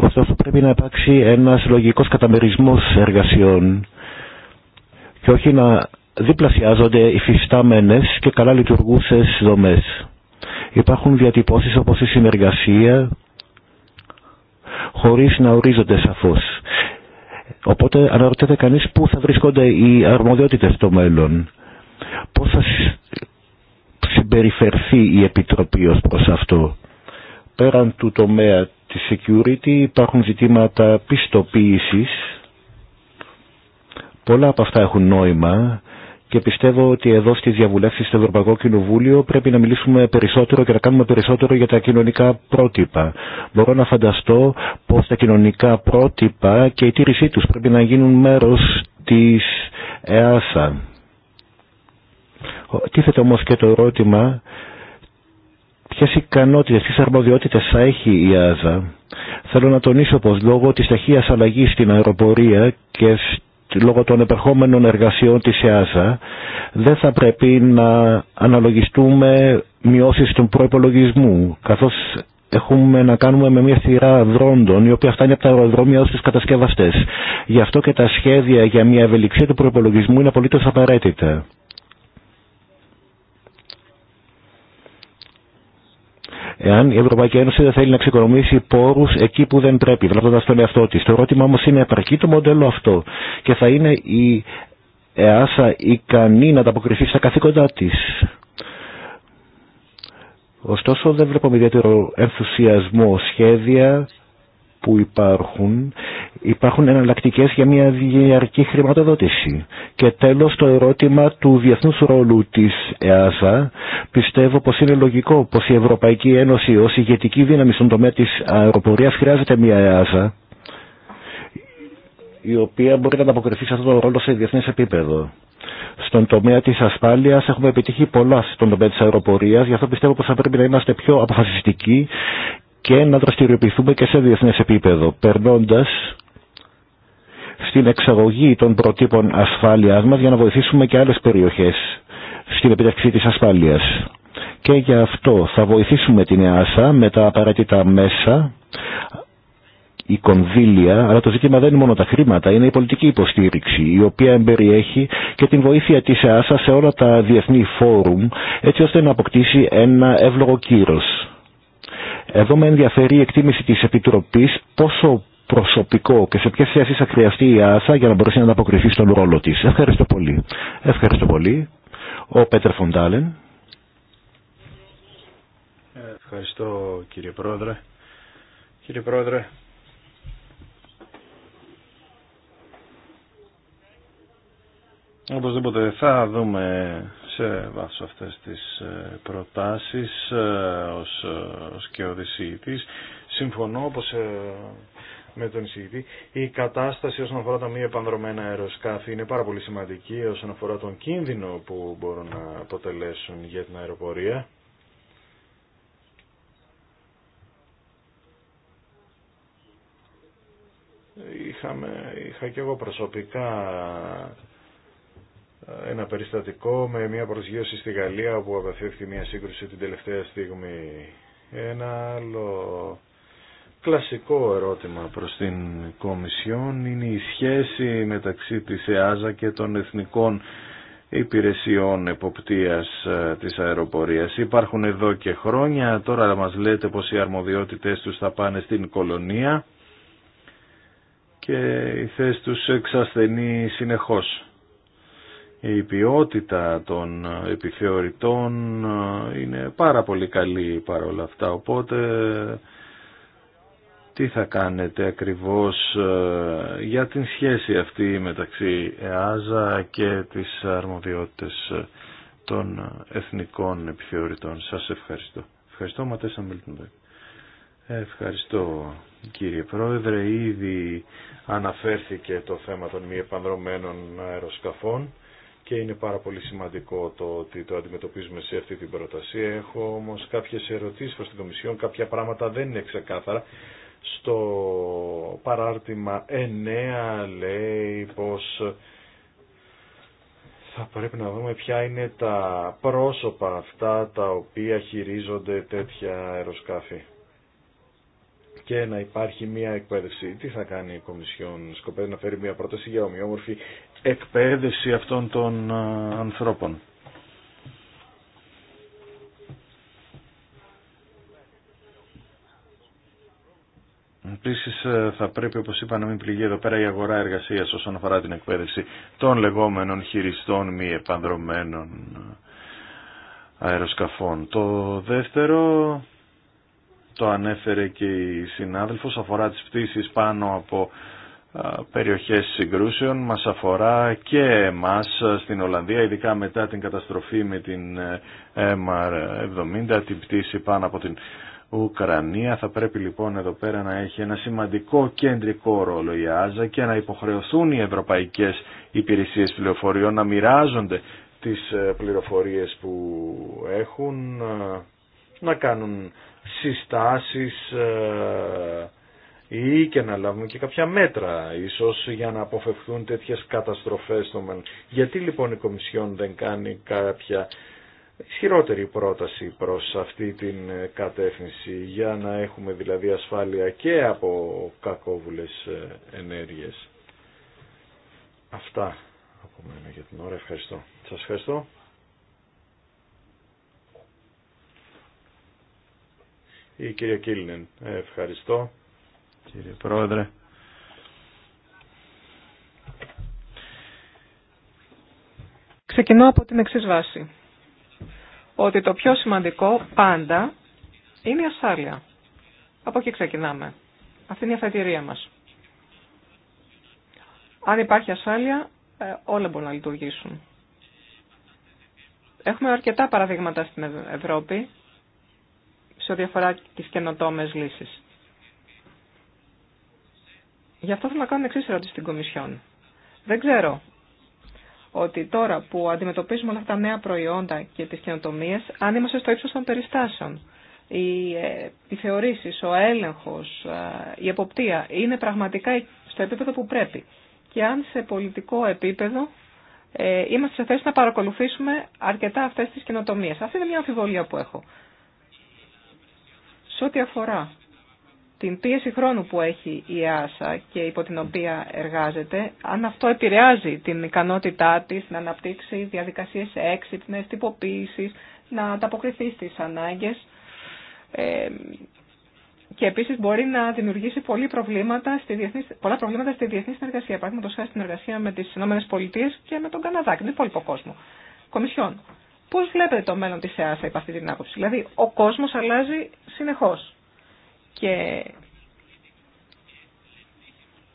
Speaker 1: Ωστόσο πρέπει να υπάρξει ένας λογικός καταμερισμός εργασιών και όχι να διπλασιάζονται οι φυστάμενες και καλά λειτουργούσες δομές. Υπάρχουν διατυπώσεις όπως η συνεργασία χωρίς να ορίζονται σαφώς. Οπότε αναρωτιέται κανείς πού θα βρίσκονται οι αρμοδιότητες στο μέλλον. Πώς θα συμπεριφερθεί η Επιτροπή ως προς αυτό. Πέραν του τομέα τη security υπάρχουν ζητήματα πιστοποίησης. Πολλά από αυτά έχουν νόημα και πιστεύω ότι εδώ στις διαβουλεύσεις στο Ευρωπαϊκό Κοινοβούλιο πρέπει να μιλήσουμε περισσότερο και να κάνουμε περισσότερο για τα κοινωνικά πρότυπα. Μπορώ να φανταστώ πως τα κοινωνικά πρότυπα και η τήρησή τους πρέπει να γίνουν μέρος της ΕΑΣΑ. Τίθεται όμως και το ερώτημα Ποιε ικανότητε, τι αρμοδιότητε θα έχει η ΆΖΑ. Θέλω να τονίσω πω λόγω τη ταχεία αλλαγή στην αεροπορία και λόγω των επερχόμενων εργασιών τη ΕΑΖΑ δεν θα πρέπει να αναλογιστούμε μειώσει του προπολογισμού, καθώ έχουμε να κάνουμε με μια σειρά δρόντων η οποία φτάνει από τα αεροδρόμια ω του κατασκευαστές. Γι' αυτό και τα σχέδια για μια ευελιξία του προπολογισμού είναι απολύτω απαραίτητα. εάν η Ευρωπαϊκή Ένωση δεν θέλει να ξεκονομήσει πόρου εκεί που δεν πρέπει, βλέποντα τον εαυτό τη. Το ερώτημα όμω είναι επαρκεί το μοντέλο αυτό και θα είναι η ΕΑΣΑ ικανή να ανταποκριθεί στα καθήκοντά τη. Ωστόσο δεν βλέπω ιδιαίτερο ενθουσιασμό σχέδια που υπάρχουν, υπάρχουν εναλλακτικέ για μια διαρκή χρηματοδότηση. Και τέλος το ερώτημα του διεθνούς ρόλου της ΕΑΣΑ. Πιστεύω πως είναι λογικό πως η Ευρωπαϊκή Ένωση ως ηγετική δύναμη στον τομέα της αεροπορίας χρειάζεται μια ΕΑΣΑ η οποία μπορεί να ανταποκριθεί σε αυτόν τον ρόλο σε διεθνές επίπεδο. Στον τομέα της ασφάλειας έχουμε επιτύχει πολλά στον τομέα της αεροπορίας, γι' αυτό πιστεύω πως θα πρέπει να είμαστε πιο αποφασιστικοί και να δραστηριοποιηθούμε και σε διεθνές επίπεδο, περνώντας στην εξαγωγή των προτύπων ασφάλειάς μας για να βοηθήσουμε και άλλες περιοχές στην επιταξή της ασφάλειας. Και γι' αυτό θα βοηθήσουμε την ΕΑΣΑ με τα απαραίτητα μέσα, η κονδύλια, αλλά το ζήτημα δεν είναι μόνο τα χρήματα, είναι η πολιτική υποστήριξη, η οποία εμπεριέχει και την βοήθεια της ΕΑΣΑ σε όλα τα διεθνή φόρουμ, έτσι ώστε να αποκτήσει ένα εύλογο κύρος. Εδώ με ενδιαφέρει η εκτίμηση της Επιτροπής πόσο προσωπικό και σε ποιες θέσεις θα χρειαστεί η ΆΣΑ για να μπορέσει να ανταποκριθεί στον ρόλο της. Ευχαριστώ πολύ. Ευχαριστώ πολύ. Ο Πέτερ Φοντάλεν.
Speaker 2: Ευχαριστώ κύριε Πρόεδρε. Κύριε Πρόεδρε, Οπωσδήποτε θα δούμε σε βάθος αυτές τις ε, προτάσεις ε, ως, ε, ως και ο Συμφωνώ πως με τον εισηγητή. Η κατάσταση όσον αφορά τα μη επανδρομένα αεροσκάφη είναι πάρα πολύ σημαντική όσον αφορά τον κίνδυνο που μπορούν να αποτελέσουν για την αεροπορία. Είχαμε, είχα και εγώ προσωπικά ένα περιστατικό με μια προσγείωση στη Γαλλία όπου απευθύνθηκε μια σύγκρουση την τελευταία στιγμή. Ένα άλλο κλασικό ερώτημα προς την Κομισιόν είναι η σχέση μεταξύ της ΕΑΖΑ και των εθνικών υπηρεσιών εποπτείας ε, της αεροπορίας. Υπάρχουν εδώ και χρόνια, τώρα μας λέτε πως οι αρμοδιότητες τους θα πάνε στην κολονία και η θέση τους εξασθενεί συνεχώς η ποιότητα των επιθεωρητών ε, είναι πάρα πολύ καλή παρόλα αυτά. Οπότε τι θα κάνετε ακριβώς ε, για την σχέση αυτή μεταξύ ΕΑΖΑ και τις αρμοδιότητες των εθνικών επιθεωρητών. Σας ευχαριστώ. Ευχαριστώ Ματέσα Ευχαριστώ κύριε Πρόεδρε. Ήδη αναφέρθηκε το θέμα των μη επανδρομένων αεροσκαφών και είναι πάρα πολύ σημαντικό το ότι το αντιμετωπίζουμε σε αυτή την πρόταση. Έχω όμως κάποιες ερωτήσεις προς την Κομισιόν, κάποια πράγματα δεν είναι ξεκάθαρα. Στο παράρτημα 9 λέει πως θα πρέπει να δούμε ποια είναι τα πρόσωπα αυτά τα οποία χειρίζονται τέτοια αεροσκάφη και να υπάρχει μια εκπαίδευση. Τι θα κάνει η Κομισιόν, σκοπεύει να φέρει μια πρόταση για ομοιόμορφη εκπαίδευση αυτών των ε, ανθρώπων. Επίση, ε, θα πρέπει, όπως είπα, να μην πληγεί εδώ πέρα η αγορά εργασία όσον αφορά την εκπαίδευση των λεγόμενων χειριστών μη επανδρομένων ε, αεροσκαφών. Το δεύτερο, το ανέφερε και η συνάδελφος, αφορά τις πτήσεις πάνω από περιοχές συγκρούσεων μας αφορά και εμάς στην Ολλανδία ειδικά μετά την καταστροφή με την ε, MR70 την πτήση πάνω από την Ουκρανία θα πρέπει λοιπόν εδώ πέρα να έχει ένα σημαντικό κεντρικό ρόλο η ΆΖΑ και να υποχρεωθούν οι ευρωπαϊκές υπηρεσίες πληροφοριών να μοιράζονται τις ε, πληροφορίες που έχουν ε, να κάνουν συστάσεις ή και να λάβουμε και κάποια μέτρα ίσως για να αποφευχθούν τέτοιες καταστροφές στο μέλλον. Γιατί λοιπόν η Κομισιόν δεν κάνει κάποια ισχυρότερη πρόταση προς αυτή την κατεύθυνση για να έχουμε δηλαδή ασφάλεια και από κακόβουλες ενέργειες. Αυτά από μένα για την ώρα. Ευχαριστώ. Σας ευχαριστώ. Η κυρία Κίλνεν. Ε, ευχαριστώ κύριε Πρόεδρε.
Speaker 3: Ξεκινώ από την εξής βάση. Ότι το πιο σημαντικό πάντα είναι η ασφάλεια. Από εκεί ξεκινάμε. Αυτή είναι η αφετηρία μας. Αν υπάρχει ασφάλεια, ε, όλα μπορούν να λειτουργήσουν. Έχουμε αρκετά παραδείγματα στην Ευρώπη σε ό,τι αφορά τις καινοτόμες λύσεις. Γι' αυτό θέλω να κάνω εξή ερώτηση στην Κομισιόν. Δεν ξέρω ότι τώρα που αντιμετωπίζουμε όλα αυτά τα νέα προϊόντα και τις καινοτομίε, αν είμαστε στο ύψο των περιστάσεων, ε, οι θεωρήσει, ο έλεγχος, ε, η εποπτεία είναι πραγματικά στο επίπεδο που πρέπει. Και αν σε πολιτικό επίπεδο ε, είμαστε σε θέση να παρακολουθήσουμε αρκετά αυτέ τι καινοτομίε. Αυτή είναι μια αμφιβολία που έχω. Σε ό,τι αφορά την πίεση χρόνου που έχει η ΕΑΣΑ και υπό την οποία εργάζεται, αν αυτό επηρεάζει την ικανότητά της να αναπτύξει διαδικασίες έξυπνες, τυποποίησης, να ανταποκριθεί στις ανάγκες ε, και επίσης μπορεί να δημιουργήσει πολλή προβλήματα στη διεθνή, πολλά προβλήματα στη διεθνή συνεργασία, παραδείγματος χάρη συνεργασία με τις ΗΠΑ και με τον Καναδά και τον υπόλοιπο κόσμο. Κομισιόν, πώς βλέπετε το μέλλον της ΕΑΣΑ υπ' αυτή την άποψη, δηλαδή ο κόσμος αλλάζει συνεχώς. Και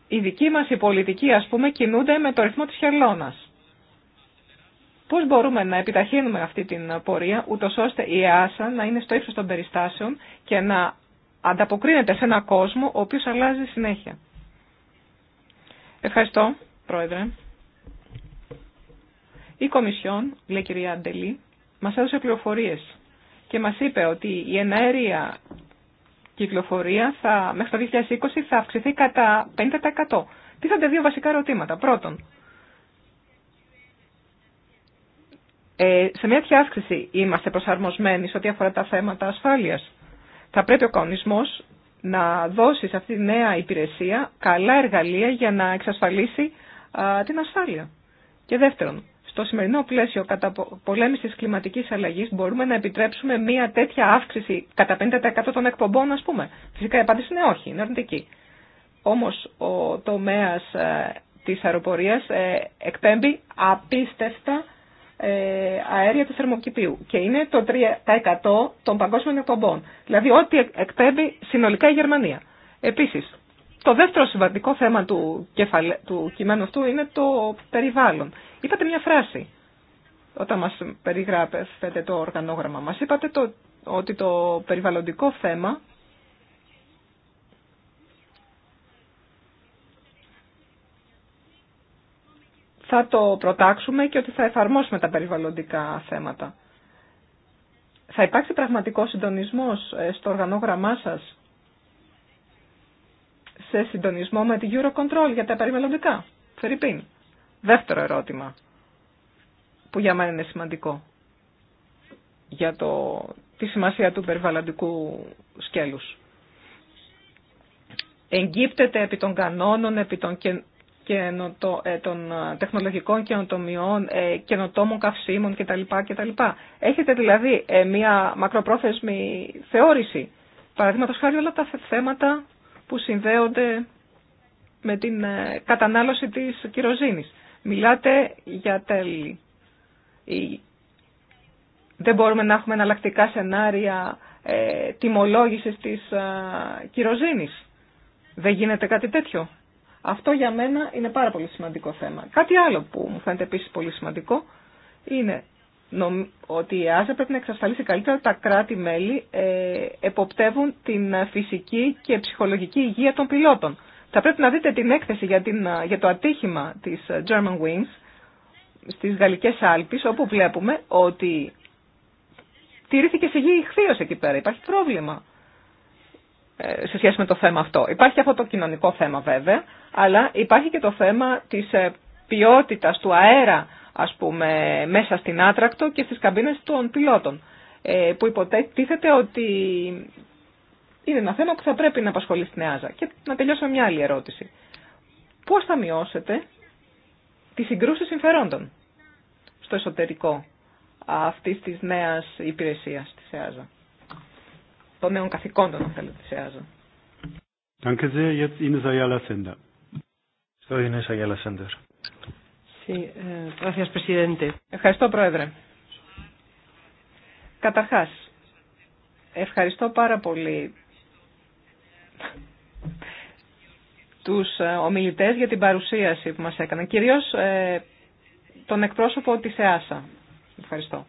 Speaker 3: οι δικοί μας οι πολιτικοί, ας πούμε, κινούνται με το ρυθμό της χελώνας. Πώς μπορούμε να επιταχύνουμε αυτή την πορεία, ούτω ώστε η ΕΑΣΑ να είναι στο ύψος των περιστάσεων και να ανταποκρίνεται σε ένα κόσμο ο οποίος αλλάζει συνέχεια. Ευχαριστώ, Πρόεδρε. Η Κομισιόν, λέει κυρία Αντελή, μας έδωσε πληροφορίες και μας είπε ότι η εναέρεια κυκλοφορία θα, μέχρι το 2020 θα αυξηθεί κατά 50%. Τίθενται δύο βασικά ερωτήματα. Πρώτον, ε, σε μια τέτοια αύξηση είμαστε προσαρμοσμένοι σε ό,τι αφορά τα θέματα ασφάλειας. Θα πρέπει ο κανονισμός να δώσει σε αυτή τη νέα υπηρεσία καλά εργαλεία για να εξασφαλίσει την ασφάλεια. Και δεύτερον, στο σημερινό πλαίσιο κατά πολέμηση κλιματική κλιματικής αλλαγής μπορούμε να επιτρέψουμε μια τέτοια αύξηση κατά 50% των εκπομπών ας πούμε. Φυσικά η απάντηση είναι όχι, είναι αρνητική. Όμως ο τομέας ε, της αεροπορίας ε, εκπέμπει απίστευτα ε, αέρια του θερμοκηπίου και είναι το 3% των παγκόσμιων εκπομπών. Δηλαδή ό,τι εκπέμπει συνολικά η Γερμανία. Επίσης, το δεύτερο σημαντικό θέμα του, του κειμένου αυτού είναι το περιβάλλον. Είπατε μια φράση όταν μας περιγράφετε το οργανόγραμμα. Μας είπατε το, ότι το περιβαλλοντικό θέμα θα το προτάξουμε και ότι θα εφαρμόσουμε τα περιβαλλοντικά θέματα. Θα υπάρξει πραγματικό συντονισμός ε, στο οργανόγραμμά σας σε συντονισμό με την Eurocontrol για τα περιβαλλοντικά. Φερρυπίν. Δεύτερο ερώτημα, που για μένα είναι σημαντικό, για το, τη σημασία του περιβαλλοντικού σκέλους. Εγκύπτεται επί των κανόνων, επί των, και, ε, των ε, τεχνολογικών καινοτομιών, ε, καινοτόμων καυσίμων κτλ. Έχετε δηλαδή ε, μια μακροπρόθεσμη θεώρηση, παραδείγματος χάρη όλα τα θέματα που συνδέονται με την κατανάλωση της κυροζήνης. Μιλάτε για τέλη. Δεν μπορούμε να έχουμε εναλλακτικά σενάρια ε, τιμολόγησης της ε, Δεν γίνεται κάτι τέτοιο. Αυτό για μένα είναι πάρα πολύ σημαντικό θέμα. Κάτι άλλο που μου φαίνεται επίσης πολύ σημαντικό είναι ότι η ΕΑΖΑ πρέπει να εξασφαλίσει καλύτερα τα κράτη-μέλη ε, εποπτεύουν την φυσική και ψυχολογική υγεία των πιλότων. Θα πρέπει να δείτε την έκθεση για, το ατύχημα της German Wings στις Γαλλικές Άλπεις, όπου βλέπουμε ότι τηρήθηκε σε γη ηχθείως εκεί πέρα. Υπάρχει πρόβλημα ε, σε σχέση με το θέμα αυτό. Υπάρχει αυτό το κοινωνικό θέμα βέβαια, αλλά υπάρχει και το θέμα της ε, ποιότητας του αέρα, ας πούμε, μέσα στην άτρακτο και στις καμπίνες των πιλότων, ε, που υποτίθεται ότι είναι ένα θέμα που θα πρέπει να απασχολεί στην ΕΑΖΑ. Και να τελειώσω με μια άλλη ερώτηση. Πώ θα μειώσετε τις συγκρούσει συμφερόντων στο εσωτερικό αυτή τη νέα υπηρεσία τη ΕΑΖΑ. Των νέων καθηκόντων, αν θέλετε, τη ΕΑΖΑ. Ευχαριστώ, Πρόεδρε. Καταρχάς, ευχαριστώ πάρα πολύ τους ε, ομιλητές για την παρουσίαση που μας έκαναν. Κυρίως ε, τον εκπρόσωπο της ΕΑΣΑ. Ευχαριστώ.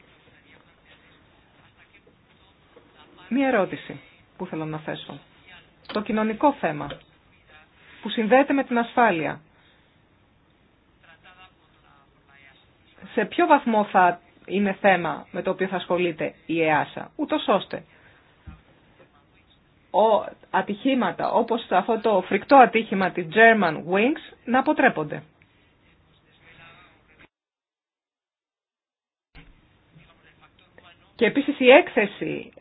Speaker 3: Μία ερώτηση που θέλω να θέσω. Το κοινωνικό θέμα που συνδέεται με την ασφάλεια. Σε ποιο βαθμό θα είναι θέμα με το οποίο θα ασχολείται η ΕΑΣΑ, ούτω ώστε ατυχήματα όπως αυτό το φρικτό ατύχημα της German Wings να αποτρέπονται. Και επίσης η έκθεση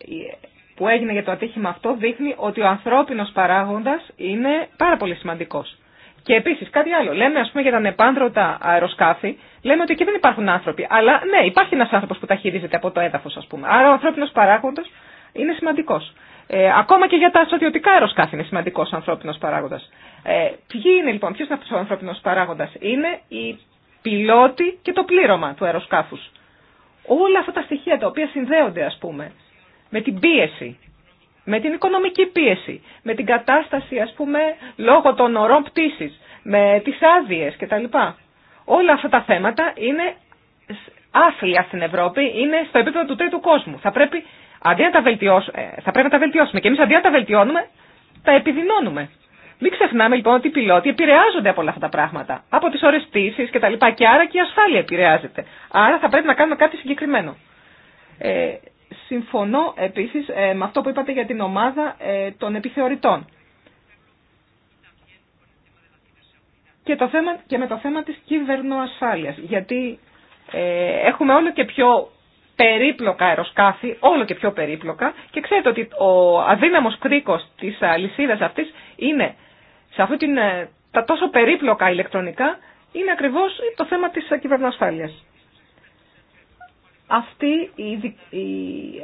Speaker 3: που έγινε για το ατύχημα αυτό δείχνει ότι ο ανθρώπινος παράγοντας είναι πάρα πολύ σημαντικός. Και επίσης κάτι άλλο, λέμε ας πούμε για τα νεπάνδρωτα αεροσκάφη, λέμε ότι εκεί δεν υπάρχουν άνθρωποι, αλλά ναι υπάρχει ένας άνθρωπος που τα χειρίζεται από το έδαφος ας πούμε. Άρα ο ανθρώπινος παράγοντας είναι σημαντικός. Ε, ακόμα και για τα στρατιωτικά αεροσκάφη είναι σημαντικό ανθρώπινο παράγοντα. Ε, ποιοι είναι λοιπόν, ποιο είναι ο ανθρώπινο παράγοντα, Είναι οι πιλότοι και το πλήρωμα του αεροσκάφου. Όλα αυτά τα στοιχεία τα οποία συνδέονται, α πούμε, με την πίεση, με την οικονομική πίεση, με την κατάσταση, α πούμε, λόγω των ορών πτήση, με τι άδειε κτλ. Όλα αυτά τα θέματα είναι άθλια στην Ευρώπη, είναι στο επίπεδο του τρίτου κόσμου. Θα πρέπει Αντί τα βελτιώσουμε, θα πρέπει να τα βελτιώσουμε. Και εμεί αντί να τα βελτιώνουμε, τα επιδεινώνουμε. Μην ξεχνάμε λοιπόν ότι οι πιλότοι επηρεάζονται από όλα αυτά τα πράγματα. Από τι ώρε πτήση και τα λοιπά. Και άρα και η ασφάλεια επηρεάζεται. Άρα θα πρέπει να κάνουμε κάτι συγκεκριμένο. Ε, συμφωνώ επίση ε, με αυτό που είπατε για την ομάδα ε, των επιθεωρητών. Και, το θέμα, και με το θέμα της κυβερνοασφάλειας, γιατί ε, έχουμε όλο και πιο περίπλοκα αεροσκάφη, όλο και πιο περίπλοκα και ξέρετε ότι ο αδύναμος κρίκος της αλυσίδας αυτής είναι σε αυτή την, ε, τα τόσο περίπλοκα ηλεκτρονικά είναι ακριβώς το θέμα της ε, κυβερνοασφάλειας. Αυτοί οι, οι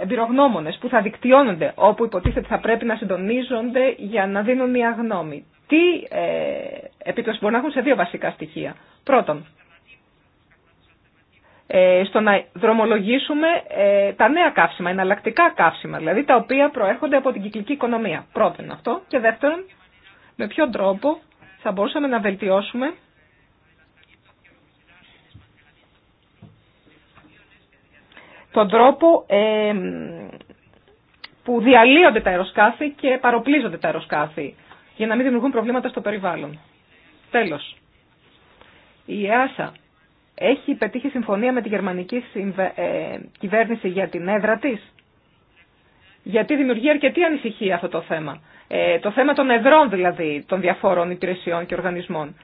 Speaker 3: εμπειρογνώμονες που θα δικτυώνονται όπου υποτίθεται θα πρέπει να συντονίζονται για να δίνουν μια γνώμη. Τι ε, επίπτωση να έχουν σε δύο βασικά στοιχεία. Πρώτον, ε, στο να δρομολογήσουμε ε, τα νέα καύσιμα, εναλλακτικά καύσιμα, δηλαδή τα οποία προέρχονται από την κυκλική οικονομία. Πρώτον αυτό. Και δεύτερον, με ποιον τρόπο θα μπορούσαμε να βελτιώσουμε τον τρόπο ε, που διαλύονται τα αεροσκάφη και παροπλίζονται τα αεροσκάφη για να μην δημιουργούν προβλήματα στο περιβάλλον. Τέλος, η ΕΑΣΑ έχει πετύχει συμφωνία με τη γερμανική ε, κυβέρνηση για την έδρα τη. Γιατί δημιουργεί αρκετή ανησυχία αυτό το θέμα. Ε, το θέμα των εδρών δηλαδή των διαφόρων υπηρεσιών και οργανισμών.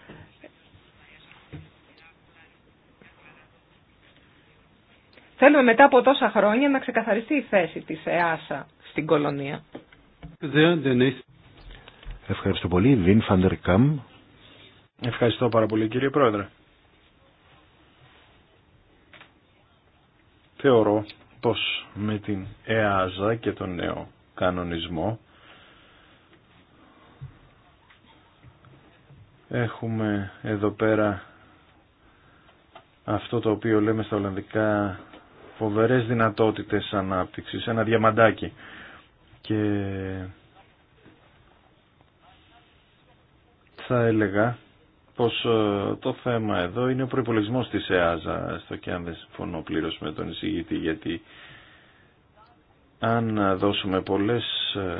Speaker 3: Θέλουμε μετά από τόσα χρόνια να ξεκαθαριστεί η θέση της ΕΑΣΑ στην κολονία.
Speaker 2: Ευχαριστώ πολύ. Βιν Ευχαριστώ πάρα πολύ κύριε Πρόεδρε. θεωρώ πως με την ΕΑΖΑ και τον νέο κανονισμό έχουμε εδώ πέρα αυτό το οποίο λέμε στα Ολλανδικά φοβερές δυνατότητες ανάπτυξης, ένα διαμαντάκι και θα έλεγα πως ε, το θέμα εδώ είναι ο προπολογισμό της ΕΑΖΑ, στο και αν δεν συμφωνώ πλήρω με τον εισηγητή, γιατί αν δώσουμε πολλές ε,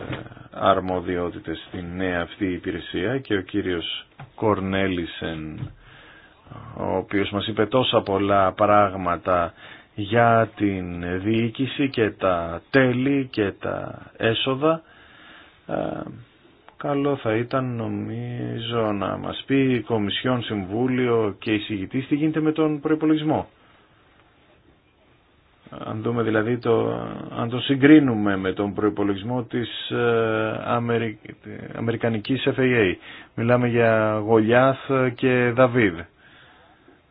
Speaker 2: αρμοδιότητες στην νέα αυτή υπηρεσία και ο κύριος Κορνέλισεν, ο οποίος μας είπε τόσα πολλά πράγματα για την διοίκηση και τα τέλη και τα έσοδα, ε, καλό θα ήταν νομίζω να μας πει η Κομισιόν, Συμβούλιο και η Συγητής τι γίνεται με τον προϋπολογισμό. Αν δηλαδή το, αν το συγκρίνουμε με τον προϋπολογισμό της ε, Αμερι, Αμερικανικής FAA. Μιλάμε για Γολιάθ και Δαβίδ.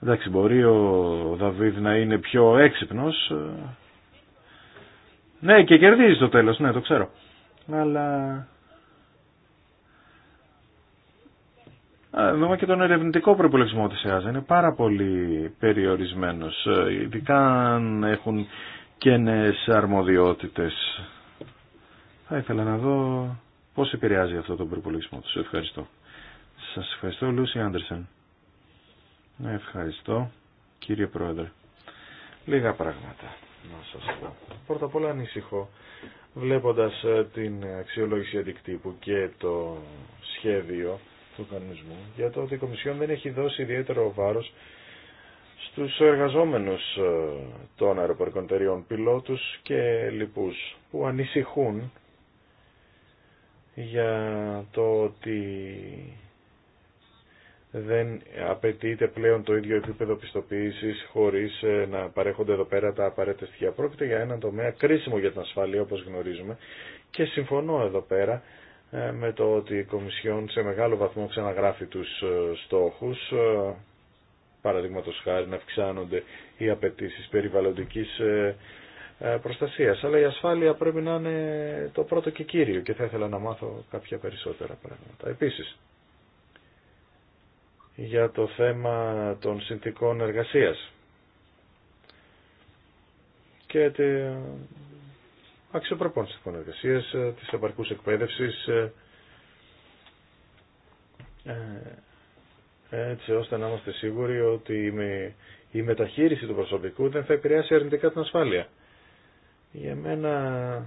Speaker 2: Εντάξει μπορεί ο Δαβίδ να είναι πιο έξυπνος. Ε, ναι και κερδίζει το τέλος, ναι το ξέρω. Αλλά δούμε και τον ερευνητικό προπολογισμό της ΕΑΖΑ. Είναι πάρα πολύ περιορισμένος, ε, ειδικά αν έχουν καινές αρμοδιότητες. Θα ήθελα να δω πώς επηρεάζει αυτό τον προπολογισμό τους. Ευχαριστώ. Σας ευχαριστώ, Λούση Άντερσεν. Ευχαριστώ, κύριε Πρόεδρε. Λίγα πράγματα να σας πω. Πρώτα απ' όλα ανησυχώ βλέποντας ε, την αξιολόγηση αντικτύπου και το σχέδιο του κανονισμού για το ότι η Κομισιόν δεν έχει δώσει ιδιαίτερο βάρος στους εργαζόμενους ε, των αεροπορικών εταιριών, πιλότους και λοιπούς, που ανησυχούν για το ότι δεν απαιτείται πλέον το ίδιο επίπεδο πιστοποίησης χωρίς ε, να παρέχονται εδώ πέρα τα απαραίτητα στοιχεία. Πρόκειται για έναν τομέα κρίσιμο για την ασφάλεια όπως γνωρίζουμε και συμφωνώ εδώ πέρα ε, με το ότι η Κομισιόν σε μεγάλο βαθμό ξαναγράφει τους ε, στόχους, ε, παραδείγματο χάρη να αυξάνονται οι απαιτήσει περιβαλλοντικής προστασίας. Αλλά η ασφάλεια πρέπει να είναι το πρώτο και κύριο και θα ήθελα να μάθω κάποια περισσότερα πράγματα. Επίσης, για το θέμα των συνθήκων εργασίας και αξιοπροπών στις εργασίας, ε, της επαρκούς εκπαίδευσης, ε, ε, έτσι ώστε να είμαστε σίγουροι ότι η μεταχείριση του προσωπικού δεν θα επηρεάσει αρνητικά την ασφάλεια. Για μένα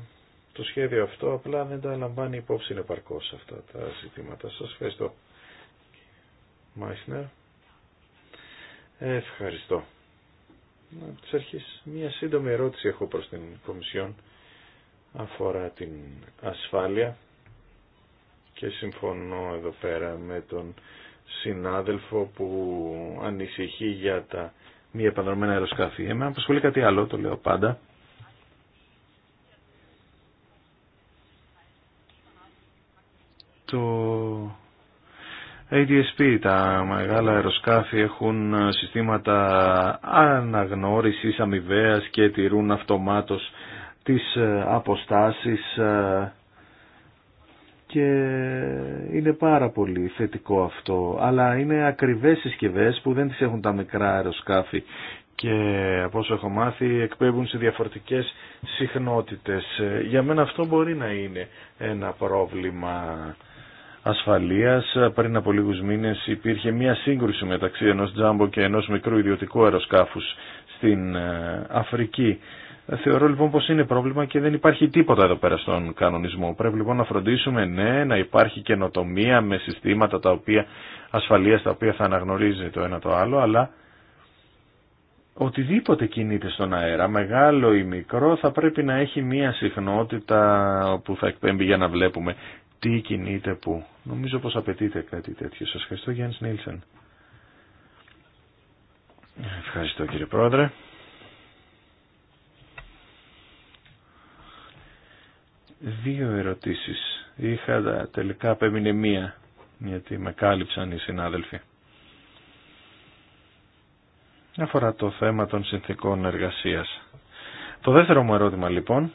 Speaker 2: το σχέδιο αυτό απλά δεν τα λαμβάνει υπόψη επαρκώς αυτά τα ζητήματα. Σας ευχαριστώ. Μάισνερ. Ευχαριστώ. Από τις μια σύντομη ερώτηση έχω προς την Κομισιόν αφορά την ασφάλεια και συμφωνώ εδώ πέρα με τον συνάδελφο που ανησυχεί για τα μη επανδρομένα αεροσκάφη. Εμένα απασχολεί κάτι άλλο, το λέω πάντα. Το ADSP, τα μεγάλα αεροσκάφη έχουν συστήματα αναγνώρισης αμοιβαίας και τηρούν αυτομάτως τις ε, αποστάσεις ε, και είναι πάρα πολύ θετικό αυτό αλλά είναι ακριβές συσκευέ που δεν τις έχουν τα μικρά αεροσκάφη και από όσο έχω μάθει εκπέμπουν σε διαφορετικές συχνότητες ε, για μένα αυτό μπορεί να είναι ένα πρόβλημα ασφαλείας πριν από λίγους μήνες υπήρχε μια σύγκρουση μεταξύ ενός τζάμπο και ενός μικρού ιδιωτικού αεροσκάφους στην Αφρική Θεωρώ λοιπόν πως είναι πρόβλημα και δεν υπάρχει τίποτα εδώ πέρα στον κανονισμό. Πρέπει λοιπόν να φροντίσουμε ναι, να υπάρχει καινοτομία με συστήματα τα οποία ασφαλείας τα οποία θα αναγνωρίζει το ένα το άλλο, αλλά οτιδήποτε κινείται στον αέρα, μεγάλο ή μικρό, θα πρέπει να έχει μία συχνότητα που θα εκπέμπει για να βλέπουμε τι κινείται πού. Νομίζω πως απαιτείται κάτι τέτοιο. Σας ευχαριστώ Γιάννης Νίλσεν. Ευχαριστώ κύριε Πρόεδρε. δύο ερωτήσεις. Είχα τελικά απέμεινε μία, γιατί με κάλυψαν οι συνάδελφοι. Αφορά το θέμα των συνθήκων εργασίας. Το δεύτερο μου ερώτημα λοιπόν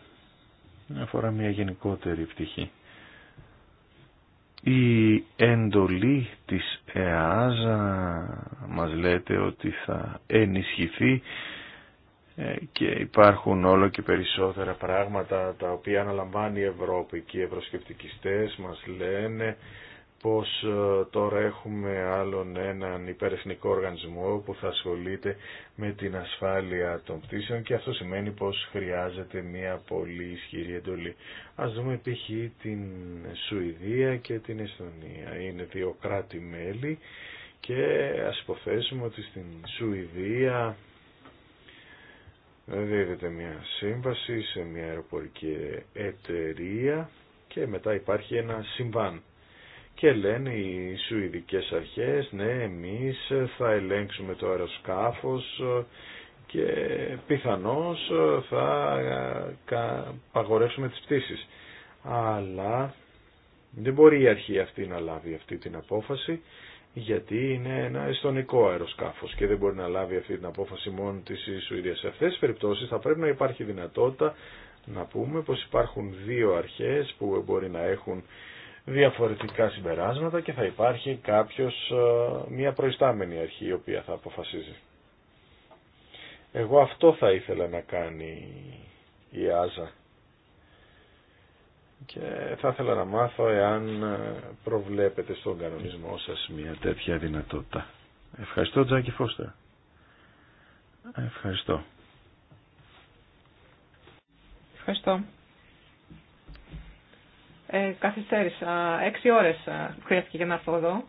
Speaker 2: αφορά μια γενικότερη πτυχή. Η εντολή της ΕΑΖΑ μας λέτε ότι θα ενισχυθεί ε, και υπάρχουν όλο και περισσότερα πράγματα τα οποία αναλαμβάνει η Ευρώπη και οι ευρωσκεπτικιστές μας λένε πως ε, τώρα έχουμε άλλον έναν υπερεθνικό οργανισμό που θα ασχολείται με την ασφάλεια των πτήσεων και αυτό σημαίνει πως χρειάζεται μια πολύ ισχυρή εντολή. Ας δούμε π.χ. την Σουηδία και την Εστονία. Είναι δύο κράτη-μέλη και ας υποθέσουμε ότι στην Σουηδία δίδεται μια σύμβαση σε μια αεροπορική εταιρεία και μετά υπάρχει ένα συμβάν. Και λένε οι Σουηδικές αρχές, ναι εμείς θα ελέγξουμε το αεροσκάφος και πιθανώς θα παγορεύσουμε τις πτήσεις. Αλλά δεν μπορεί η αρχή αυτή να λάβει αυτή την απόφαση γιατί είναι ένα εστονικό αεροσκάφος και δεν μπορεί να λάβει αυτή την απόφαση μόνο της Σουηδίας. Σε αυτές τις περιπτώσεις θα πρέπει να υπάρχει δυνατότητα να πούμε πως υπάρχουν δύο αρχές που μπορεί να έχουν διαφορετικά συμπεράσματα και θα υπάρχει κάποιος, ε, μια προϊστάμενη αρχή η οποία θα αποφασίζει. Εγώ αυτό θα ήθελα να κάνει η Άζα και θα ήθελα να μάθω εάν ε, προβλέπετε στον κανονισμό σας μια τέτοια δυνατότητα. Ευχαριστώ Τζάκη Φώστα. Ευχαριστώ.
Speaker 3: Ευχαριστώ. Ε, καθυστέρησα. Έξι ώρες ε, χρειάστηκε για να έρθω εδώ.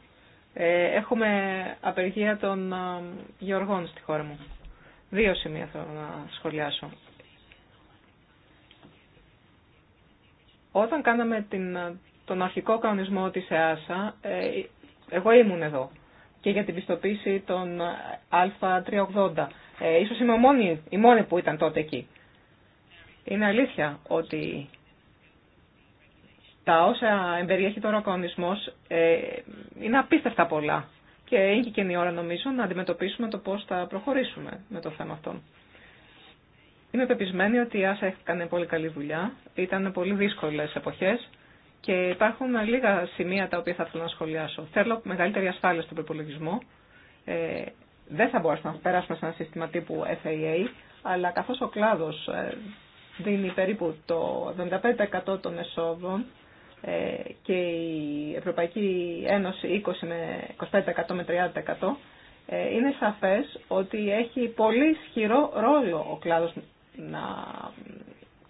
Speaker 3: Ε, έχουμε απεργία των γεωργών στη χώρα μου. Δύο σημεία θέλω να σχολιάσω. Όταν κάναμε την, τον αρχικό κανονισμό της ΕΑΣΑ, ε, εγώ ήμουν εδώ και για την πιστοποίηση των Α380. Ε, ίσως είμαι μόνη, η μόνη που ήταν τότε εκεί. Είναι αλήθεια ότι τα όσα εμπεριέχει τώρα ο κανονισμός ε, είναι απίστευτα πολλά. Και είναι και η ώρα νομίζω να αντιμετωπίσουμε το πώς θα προχωρήσουμε με το θέμα αυτό. Είμαι πεπισμένη ότι η Άσα έκανε πολύ καλή δουλειά. Ήταν πολύ δύσκολε εποχέ και υπάρχουν λίγα σημεία τα οποία θα ήθελα να σχολιάσω. Θέλω μεγαλύτερη ασφάλεια στον προπολογισμό. Ε, δεν θα μπορούσαμε να περάσουμε σε ένα σύστημα τύπου FAA, αλλά καθώ ο κλάδο ε, δίνει περίπου το 75% των εσόδων ε, και η Ευρωπαϊκή Ένωση 20 με 25% με 30%, ε, είναι σαφές ότι έχει πολύ ισχυρό ρόλο ο κλάδος να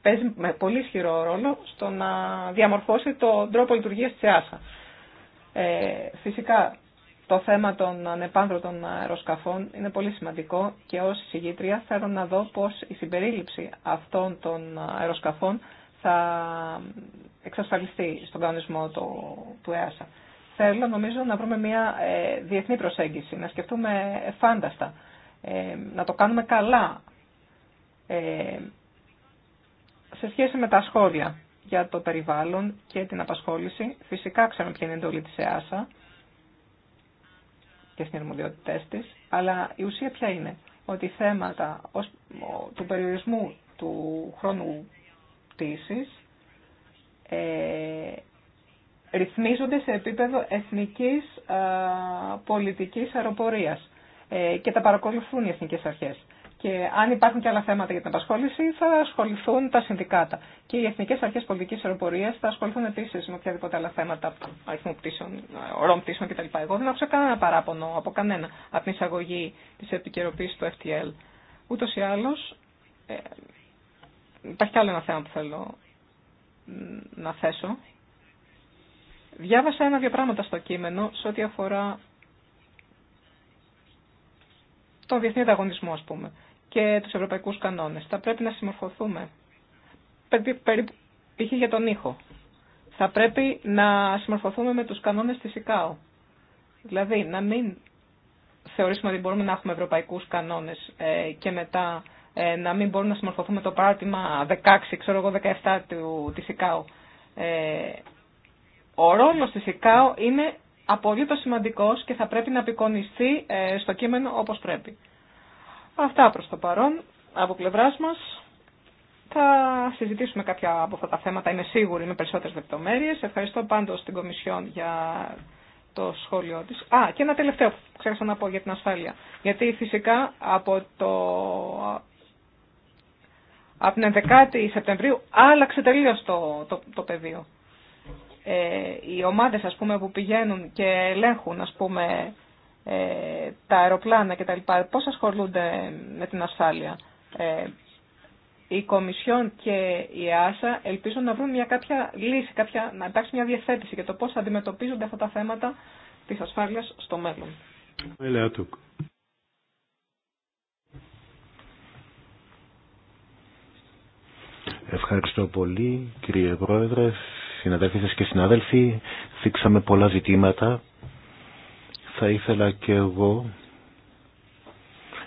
Speaker 3: παίζει με πολύ ισχυρό ρόλο στο να διαμορφώσει τον τρόπο λειτουργία τη ΕΑΣΑ. Ε, φυσικά το θέμα των ανεπάνδρωτων αεροσκαφών είναι πολύ σημαντικό και ως συγγήτρια θέλω να δω πώς η συμπερίληψη αυτών των αεροσκαφών θα εξασφαλιστεί στον κανονισμό του ΕΑΣΑ. Θέλω νομίζω να βρούμε μια ε, διεθνή προσέγγιση, να σκεφτούμε φάνταστα, ε, να το κάνουμε καλά ε, σε σχέση με τα σχόλια για το περιβάλλον και την απασχόληση, φυσικά ξέρουμε ποια είναι η εντολή της ΕΑΣΑ και στις της, αλλά η ουσία ποια είναι, ότι θέματα του περιορισμού του χρόνου πτήσης ε, ρυθμίζονται σε επίπεδο εθνικής ε, πολιτικής αεροπορίας ε, και τα παρακολουθούν οι εθνικές αρχές. Και αν υπάρχουν και άλλα θέματα για την απασχόληση, θα ασχοληθούν τα συνδικάτα. Και οι Εθνικέ Αρχέ Πολιτική Αεροπορία θα ασχοληθούν επίση με οποιαδήποτε άλλα θέματα αριθμού πτήσεων, ορών πτήσεων κτλ. Εγώ δεν άκουσα κανένα παράπονο από κανένα από την εισαγωγή τη επικαιροποίηση του FTL. Ούτω ή άλλω, ε, υπάρχει άλλο ένα θέμα που θέλω να θέσω. Διάβασα ένα-δύο πράγματα στο κείμενο σε ό,τι αφορά τον διεθνή ανταγωνισμό, α πούμε και τους ευρωπαϊκούς κανόνες. Θα πρέπει να συμμορφωθούμε. Περίπου π.χ. για τον ήχο. Θα πρέπει να συμμορφωθούμε με τους κανόνες της ΙΚΑΟ. Δηλαδή να μην θεωρήσουμε ότι μπορούμε να έχουμε ευρωπαϊκούς κανόνες ε, και μετά ε, να μην μπορούμε να συμμορφωθούμε το πράγμα 16, ξέρω εγώ 17 του, της ΙΚΑΟ. Ε, ο ρόλος της ΙΚΑΟ είναι απολύτως σημαντικός και θα πρέπει να απεικονιστεί στο κείμενο όπως πρέπει. Αυτά προς το παρόν από πλευράς μας. Θα συζητήσουμε κάποια από αυτά τα θέματα, είμαι σίγουρη, με περισσότερες λεπτομέρειες. Ευχαριστώ πάντως την Κομισιόν για το σχόλιο της. Α, και ένα τελευταίο που ξέχασα να πω για την ασφάλεια. Γιατί φυσικά από το... Από την 11η Σεπτεμβρίου άλλαξε τελείως το, το, πεδίο. Ε, οι ομάδες ας πούμε, που πηγαίνουν και ελέγχουν ας πούμε, ε, τα αεροπλάνα κτλ. Πώς ασχολούνται με την ασφάλεια. Ε, η Κομισιόν και η ΕΑΣΑ ελπίζουν να βρουν μια κάποια λύση, κάποια, να υπάρξει μια διευθέτηση για το πώς αντιμετωπίζονται αυτά τα θέματα της ασφάλειας στο μέλλον.
Speaker 2: Ευχαριστώ
Speaker 1: πολύ κύριε Πρόεδρε, συναδέλφοι σας και συνάδελφοι. Θίξαμε πολλά ζητήματα θα ήθελα και εγώ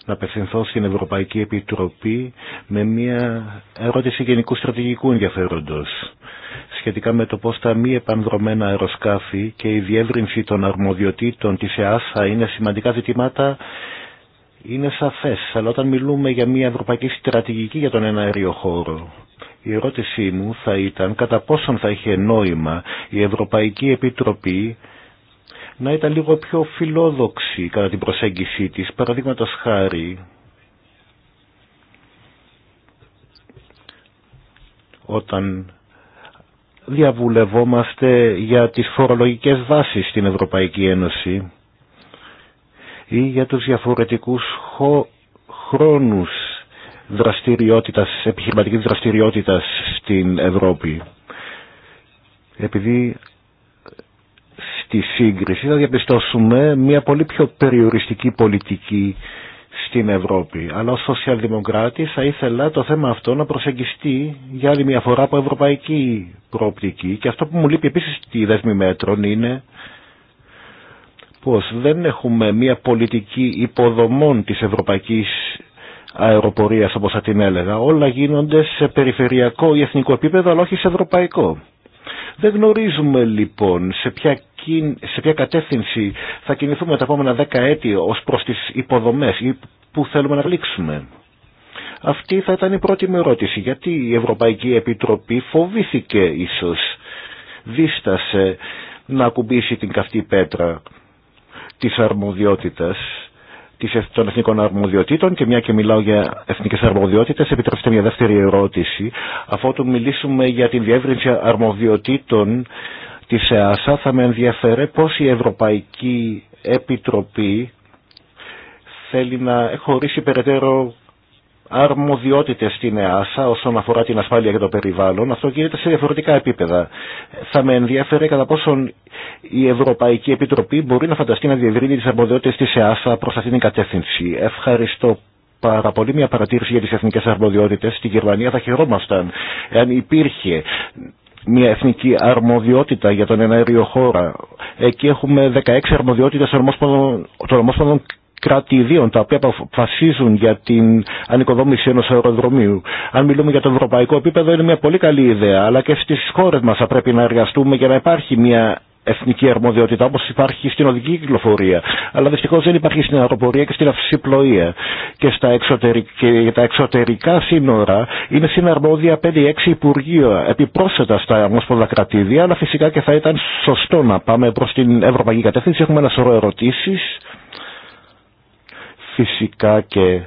Speaker 1: να απευθυνθώ στην Ευρωπαϊκή Επιτροπή με μια ερώτηση γενικού στρατηγικού ενδιαφέροντος σχετικά με το πώς τα μη επανδρομένα αεροσκάφη και η διεύρυνση των αρμοδιοτήτων της ΕΑΣΑ είναι σημαντικά ζητημάτα είναι σαφές, αλλά όταν μιλούμε για μια ευρωπαϊκή στρατηγική για τον ένα χώρο, η ερώτησή μου θα ήταν κατά πόσον θα είχε νόημα η Ευρωπαϊκή Επιτροπή να ήταν λίγο πιο φιλόδοξη κατά την προσέγγιση της. Παραδείγματο χάρη, όταν διαβουλευόμαστε για τις φορολογικές βάσεις στην Ευρωπαϊκή Ένωση ή για τους διαφορετικούς χρόνους δραστηριότητας, επιχειρηματικής δραστηριότητας στην Ευρώπη. Επειδή τη σύγκριση θα διαπιστώσουμε μια πολύ πιο περιοριστική πολιτική στην Ευρώπη. Αλλά ως σοσιαλδημοκράτη θα ήθελα το θέμα αυτό να προσεγγιστεί για άλλη μια φορά από ευρωπαϊκή προοπτική. Και αυτό που μου λείπει επίσης στη δεσμή μέτρων είναι πως δεν έχουμε μια πολιτική υποδομών της ευρωπαϊκής αεροπορίας όπως θα την έλεγα. Όλα γίνονται σε περιφερειακό ή εθνικό επίπεδο αλλά όχι σε ευρωπαϊκό. Δεν γνωρίζουμε λοιπόν σε ποια σε ποια κατεύθυνση θα κινηθούμε τα επόμενα δέκα έτη ως προς τις υποδομές ή που θέλουμε να γλύξουμε. Αυτή θα ήταν πρώτη μου ερώτηση. Γιατί η Ευρωπαϊκή Επιτροπή φοβήθηκε ίσως, δίστασε να ληξουμε αυτη θα ηταν η πρωτη μου ερωτηση γιατι η ευρωπαικη επιτροπη φοβηθηκε ισως διστασε να ακουμπησει την καυτή πέτρα της αρμοδιότητας των εθνικών αρμοδιοτήτων και μια και μιλάω για εθνικές αρμοδιότητες επιτρέψτε μια δεύτερη ερώτηση αφότου μιλήσουμε για την διεύρυνση αρμοδιοτήτων της ΕΑΣΑ θα με ενδιαφέρε πώς η Ευρωπαϊκή Επιτροπή θέλει να χωρίσει περαιτέρω αρμοδιότητες στην ΕΑΣΑ όσον αφορά την ασφάλεια και το περιβάλλον. Αυτό γίνεται σε διαφορετικά επίπεδα. Θα με ενδιαφέρε κατά πόσον η Ευρωπαϊκή Επιτροπή μπορεί να φανταστεί να διευρύνει τις αρμοδιότητες της ΕΑΣΑ προς αυτήν την κατεύθυνση. Ευχαριστώ πάρα πολύ μια παρατήρηση για τις εθνικές αρμοδιότητες. Στη Γερμανία θα χαιρόμασταν εάν υπήρχε μια εθνική αρμοδιότητα για τον εναέριο χώρο. Εκεί έχουμε 16 αρμοδιότητες των ομόσπονδων κρατηδίων τα οποία αποφασίζουν για την ανοικοδόμηση ενός αεροδρομίου. Αν μιλούμε για το ευρωπαϊκό επίπεδο είναι μια πολύ καλή ιδέα αλλά και στις χώρες μας θα πρέπει να εργαστούμε για να υπάρχει μια εθνική αρμοδιότητα όπως υπάρχει στην οδική κυκλοφορία. Αλλά δυστυχώς δεν υπάρχει στην αεροπορία και στην αυσιπλοεία. Και στα τα εξωτερικά σύνορα είναι συναρμόδια 5-6 υπουργεία επιπρόσθετα στα ομόσπονδα κρατήδια αλλά φυσικά και θα ήταν σωστό να πάμε προς την ευρωπαϊκή κατεύθυνση. Έχουμε ένα σωρό ερωτήσεις. Φυσικά και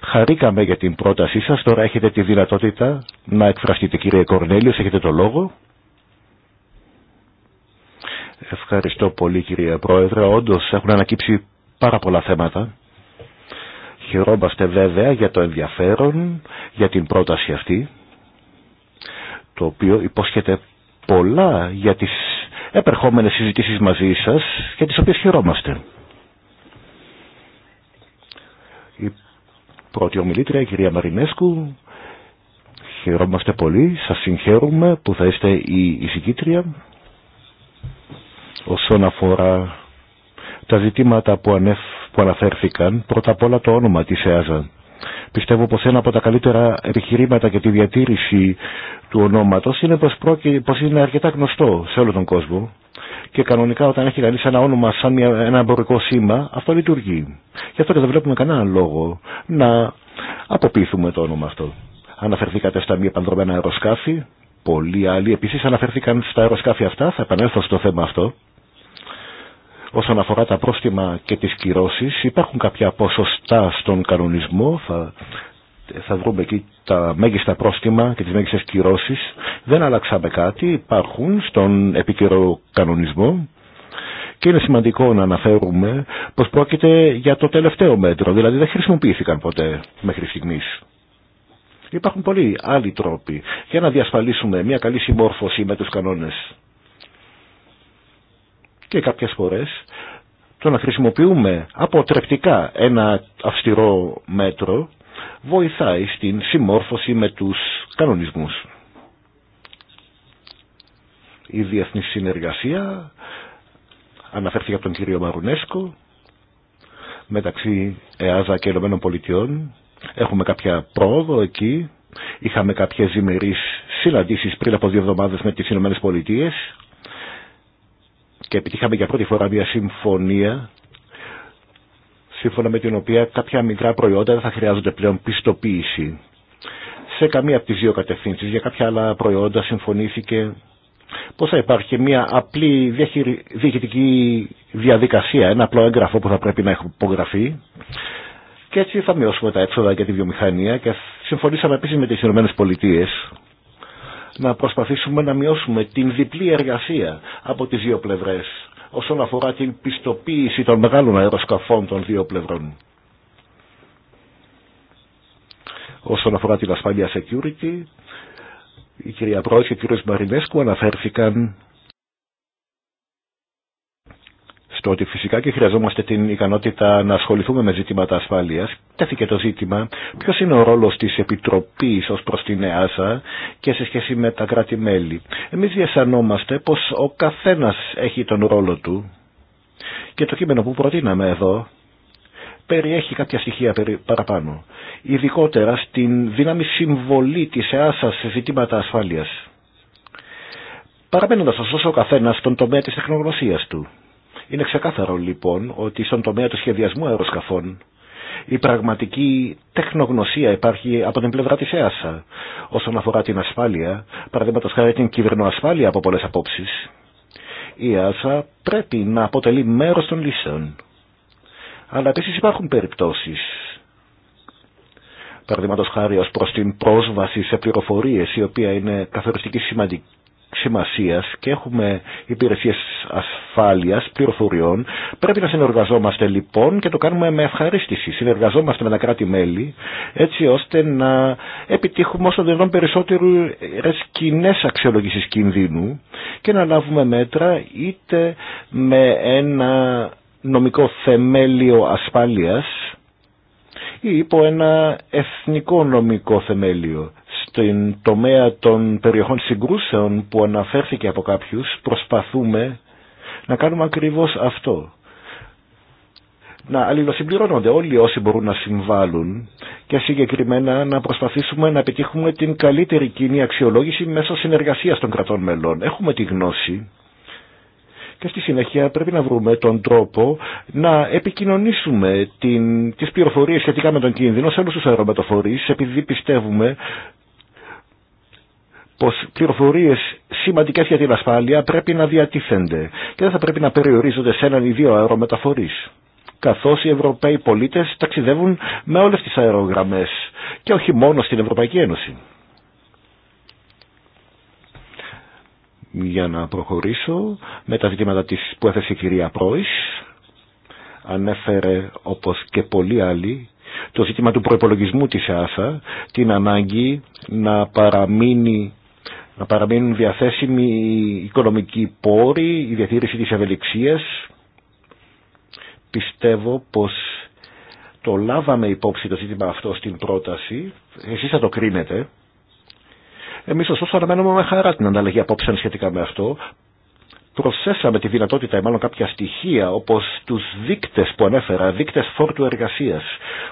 Speaker 1: χαρήκαμε για την πρότασή σας. Τώρα έχετε τη δυνατότητα να εκφραστείτε κύριε Κορνέλιος, έχετε το λόγο. Ευχαριστώ πολύ κύριε Πρόεδρε. Όντως έχουν ανακύψει πάρα πολλά θέματα. Χαιρόμαστε βέβαια για το ενδιαφέρον, για την πρόταση αυτή, το οποίο υπόσχεται πολλά για τις επερχόμενες συζητήσεις μαζί σας και τις οποίες χαιρόμαστε. Η πρώτη ομιλήτρια, η κυρία Μαρινέσκου, χαιρόμαστε πολύ, σας συγχαίρουμε που θα είστε η εισηγήτρια όσον αφορά τα ζητήματα που, ανεφ, που αναφέρθηκαν, πρώτα απ' όλα το όνομα της ΕΑΖΑ. Πιστεύω πως ένα από τα καλύτερα επιχειρήματα για τη διατήρηση του ονόματος είναι πως, πρόκει, πως είναι αρκετά γνωστό σε όλο τον κόσμο και κανονικά όταν έχει κανείς ένα όνομα σαν μια, ένα εμπορικό σήμα αυτό λειτουργεί. Γι' αυτό και δεν βλέπουμε κανέναν λόγο να αποποιηθούμε το όνομα αυτό. Αναφερθήκατε στα μη επανδρομένα αεροσκάφη, πολλοί άλλοι επίσης αναφερθήκαν στα αεροσκάφη αυτά, θα επανέλθω στο θέμα αυτό. Όσον αφορά τα πρόστιμα και τις κυρώσεις, υπάρχουν κάποια ποσοστά στον κανονισμό, θα, θα βρούμε εκεί τα μέγιστα πρόστιμα και τις μέγιστες κυρώσεις. Δεν αλλάξαμε κάτι, υπάρχουν στον επικαιρό κανονισμό και είναι σημαντικό να αναφέρουμε πως πρόκειται για το τελευταίο μέτρο, δηλαδή δεν χρησιμοποιήθηκαν ποτέ μέχρι στιγμής. Υπάρχουν πολλοί άλλοι τρόποι για να διασφαλίσουμε μια καλή συμμόρφωση με τους κανόνες και κάποιες φορές το να χρησιμοποιούμε αποτρεπτικά ένα αυστηρό μέτρο βοηθάει στην συμμόρφωση με τους κανονισμούς. Η διεθνή συνεργασία αναφέρθηκε από τον κύριο Μαρουνέσκο μεταξύ ΕΑΖΑ και πολιτιών Έχουμε κάποια πρόοδο εκεί. Είχαμε κάποιες ζημερείς συναντήσεις πριν από δύο εβδομάδες με τις ΗΠΑ και επιτύχαμε για πρώτη φορά μια συμφωνία σύμφωνα με την οποία κάποια μικρά προϊόντα δεν θα χρειάζονται πλέον πιστοποίηση. Σε καμία από τις δύο κατευθύνσεις, για κάποια άλλα προϊόντα συμφωνήθηκε πως θα υπάρχει μια απλή διοικητική διαδικασία, ένα απλό έγγραφο που θα πρέπει να έχει υπογραφεί και έτσι θα μειώσουμε τα έξοδα για τη βιομηχανία και συμφωνήσαμε επίσης με τις ΗΠΑ να προσπαθήσουμε να μειώσουμε την διπλή εργασία από τις δύο πλευρές όσον αφορά την πιστοποίηση των μεγάλων αεροσκαφών των δύο πλευρών. Όσον αφορά την ασφάλεια security, η κυρία Πρόεδρε και ο κ. Μαρινέσκου αναφέρθηκαν στο ότι φυσικά και χρειαζόμαστε την ικανότητα να ασχοληθούμε με ζητήματα ασφάλειας, τέθηκε το ζήτημα ποιος είναι ο ρόλος της Επιτροπής ως προς την ΕΑΣΑ και σε σχέση με τα κράτη-μέλη. Εμείς διασανόμαστε πως ο καθένας έχει τον ρόλο του και το κείμενο που προτείναμε εδώ περιέχει κάποια στοιχεία παραπάνω, ειδικότερα στην δύναμη συμβολή της ΕΑΣΑ σε ζητήματα ασφάλειας παραμένοντας ωστόσο ο καθένα στον τομέα τη τεχνογνωσία του. Είναι ξεκάθαρο λοιπόν ότι στον τομέα του σχεδιασμού αεροσκαφών η πραγματική τεχνογνωσία υπάρχει από την πλευρά της ΕΑΣΑ όσον αφορά την ασφάλεια, παραδείγματος χάρη την κυβερνοασφάλεια από πολλές απόψεις. Η ΕΑΣΑ πρέπει να αποτελεί μέρος των λύσεων. Αλλά επίσης υπάρχουν περιπτώσεις παραδείγματο χάρη ω προ την πρόσβαση σε πληροφορίε, η οποία είναι καθοριστική σημαντική και έχουμε υπηρεσίες ασφάλειας, πληροφοριών. Πρέπει να συνεργαζόμαστε λοιπόν και το κάνουμε με ευχαρίστηση. Συνεργαζόμαστε με τα κράτη-μέλη έτσι ώστε να επιτύχουμε όσο δυνατόν περισσότερες κοινέ αξιολογήσεις κινδύνου και να λάβουμε μέτρα είτε με ένα νομικό θεμέλιο ασφάλειας ή υπό ένα εθνικό νομικό θεμέλιο. Στην τομέα των περιοχών συγκρούσεων που αναφέρθηκε από κάποιους προσπαθούμε να κάνουμε ακριβώς αυτό. Να αλληλοσυμπληρώνονται όλοι όσοι μπορούν να συμβάλλουν και συγκεκριμένα να προσπαθήσουμε να πετύχουμε την καλύτερη κοινή αξιολόγηση μέσω συνεργασία των κρατών μελών. Έχουμε τη γνώση και στη συνέχεια πρέπει να βρούμε τον τρόπο να επικοινωνήσουμε την, τις πληροφορίες σχετικά με τον κίνδυνο σε όλους τους αερομετοφορείς επειδή πιστεύουμε πως πληροφορίες σημαντικές για την ασφάλεια πρέπει να διατίθενται και δεν θα πρέπει να περιορίζονται σε έναν ή δύο αερομεταφορείς καθώς οι Ευρωπαίοι πολίτες ταξιδεύουν με όλες τις αερογραμμές και όχι μόνο στην Ευρωπαϊκή Ένωση. Για να προχωρήσω με τα ζητήματα της που έθεσε η κυρία Πρόης, ανέφερε όπως και πολλοί άλλοι το ζήτημα του προϋπολογισμού της ΕΑΣΑ, την ανάγκη να παραμείνει να παραμείνουν διαθέσιμοι οι οικονομικοί πόροι, η διατήρηση της ευελιξίας. Πιστεύω πως το λάβαμε υπόψη το ζήτημα αυτό στην πρόταση. Εσείς θα το κρίνετε. Εμείς ωστόσο αναμένουμε με χαρά την ανταλλαγή απόψεων σχετικά με αυτό προσθέσαμε τη δυνατότητα ή μάλλον κάποια στοιχεία όπως τους δείκτες που ανέφερα, δείκτες φόρτου εργασίας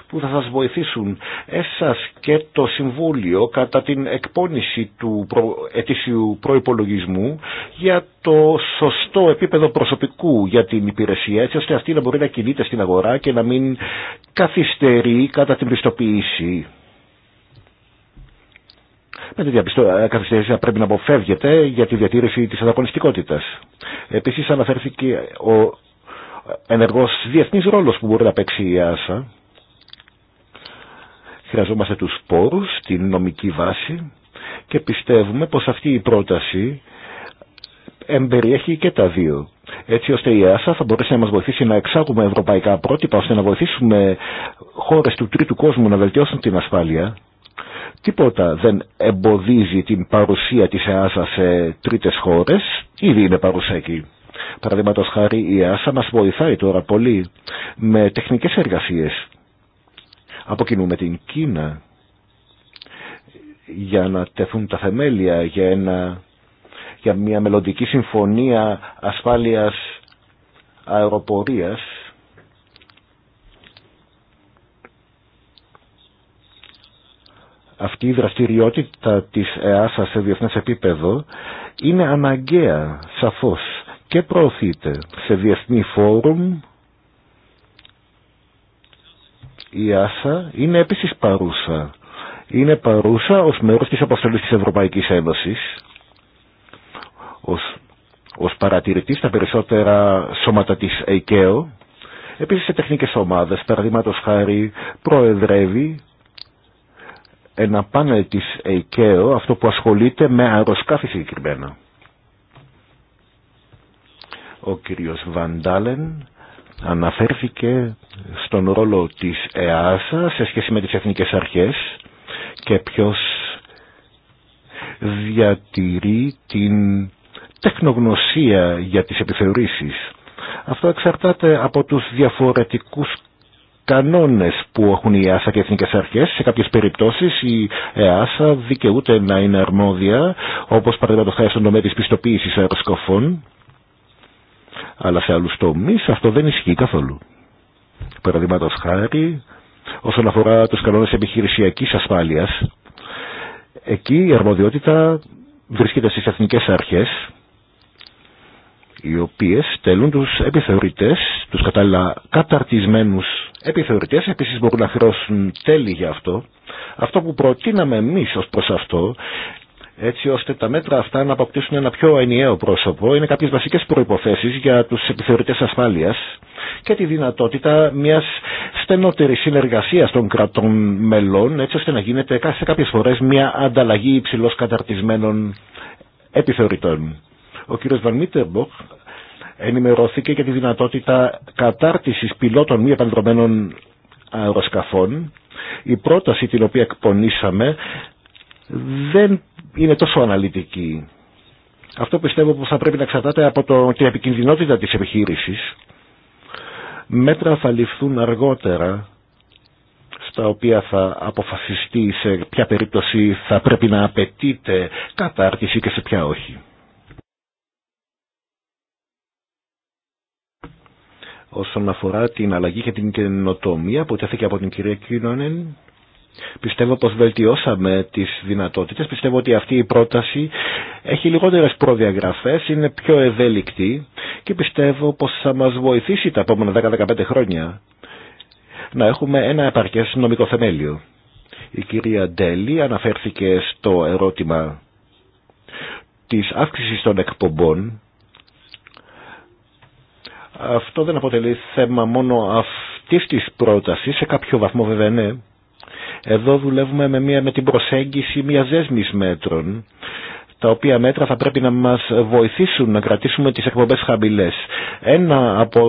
Speaker 1: που θα σας βοηθήσουν εσάς και το Συμβούλιο κατά την εκπόνηση του προ... ετήσιου προϋπολογισμού για το σωστό επίπεδο προσωπικού για την υπηρεσία έτσι ώστε αυτή να μπορεί να κινείται στην αγορά και να μην καθυστερεί κατά την πιστοποίηση με τη ε, καθυστέρηση πρέπει να αποφεύγεται για τη διατήρηση της ανταγωνιστικότητας. Επίσης αναφέρθηκε ο ενεργός διεθνής ρόλος που μπορεί να παίξει η ΆΣΑ. Χρειαζόμαστε τους πόρους, την νομική βάση και πιστεύουμε πως αυτή η πρόταση εμπεριέχει και τα δύο. Έτσι ώστε η ΕΑΣΑ θα μπορέσει να μας βοηθήσει να εξάγουμε ευρωπαϊκά πρότυπα ώστε να βοηθήσουμε χώρες του τρίτου κόσμου να βελτιώσουν την ασφάλεια Τίποτα δεν εμποδίζει την παρουσία της ΕΑΣΑ σε τρίτες χώρες, ήδη είναι παρουσία εκεί. Παραδείγματο χάρη η ΕΑΣΑ μας βοηθάει τώρα πολύ με τεχνικές εργασίες. Αποκινούμε την Κίνα για να τεθούν τα θεμέλια για, ένα, για μια μελλοντική συμφωνία ασφάλειας αεροπορίας αυτή η δραστηριότητα της ΕΑΣΑ σε διεθνές επίπεδο είναι αναγκαία, σαφώς, και προωθείται σε διεθνή φόρουμ. Η ΕΑΣΑ είναι επίσης παρούσα. Είναι παρούσα ως μέρος της αποστολής της Ευρωπαϊκής Ένωσης, ως, ως παρατηρητής στα περισσότερα σώματα της ΕΚΕΟ, Επίσης σε τεχνικές ομάδες, παραδείγματο χάρη, προεδρεύει ένα πάνελ της ΕΙΚΕΟ, αυτό που ασχολείται με αεροσκάφη συγκεκριμένα. Ο κύριος Βαντάλεν αναφέρθηκε στον ρόλο της ΕΑΣΑ σε σχέση με τις εθνικές αρχές και ποιος διατηρεί την τεχνογνωσία για τις επιθεωρήσεις. Αυτό εξαρτάται από τους διαφορετικούς κανόνες που έχουν οι ΕΑΣΑ και οι εθνικές αρχές. Σε κάποιες περιπτώσεις η ΕΑΣΑ δικαιούται να είναι αρμόδια, όπως παραδείγματος χάρη στον τομέα της πιστοποίησης αεροσκοφών, αλλά σε άλλους τομείς αυτό δεν ισχύει καθόλου. Παραδείγματος χάρη, όσον αφορά τους κανόνες επιχειρησιακής ασφάλειας, εκεί η αρμοδιότητα βρίσκεται στις εθνικές αρχές, οι οποίες στέλνουν τους επιθεωρητές, τους κατάλληλα καταρτισμένους επιθεωρητές, επίσης μπορούν να χειρώσουν τέλη για αυτό. Αυτό που προτείναμε εμείς ως προς αυτό, έτσι ώστε τα μέτρα αυτά να αποκτήσουν ένα πιο ενιαίο πρόσωπο, είναι κάποιες βασικές προϋποθέσεις για τους επιθεωρητές ασφάλειας και τη δυνατότητα μιας στενότερης συνεργασίας των κρατών μελών, έτσι ώστε να γίνεται σε κάποιες φορές μια ανταλλαγή υψηλώς καταρτισμένων επιθεωρητών. Ο κ. Βαν Μίτεμποχ ενημερώθηκε για τη δυνατότητα κατάρτισης πιλότων μη επανδρομένων αεροσκαφών. Η πρόταση την οποία εκπονήσαμε δεν είναι τόσο αναλυτική. Αυτό πιστεύω πως θα πρέπει να εξαρτάται από το, την επικινδυνότητα της επιχείρησης. Μέτρα θα ληφθούν αργότερα στα οποία θα αποφασιστεί σε ποια περίπτωση θα πρέπει να απαιτείται κατάρτιση και σε ποια όχι. όσον αφορά την αλλαγή και την καινοτομία που τέθηκε από την κυρία Κίνονεν. Πιστεύω πως βελτιώσαμε τις δυνατότητες. Πιστεύω ότι αυτή η πρόταση έχει λιγότερες προδιαγραφές, είναι πιο ευέλικτη και πιστεύω πως θα μας βοηθήσει τα επόμενα 10-15 χρόνια να έχουμε ένα επαρκές νομικό θεμέλιο. Η κυρία Ντέλη αναφέρθηκε στο ερώτημα της αύξησης των εκπομπών αυτό δεν αποτελεί θέμα μόνο αυτής της πρότασης, σε κάποιο βαθμό βέβαια ναι. Εδώ δουλεύουμε με, μια, με την προσέγγιση μια δέσμης μέτρων, τα οποία μέτρα θα πρέπει να μας βοηθήσουν να κρατήσουμε τις εκπομπές χαμηλές. Ένα από,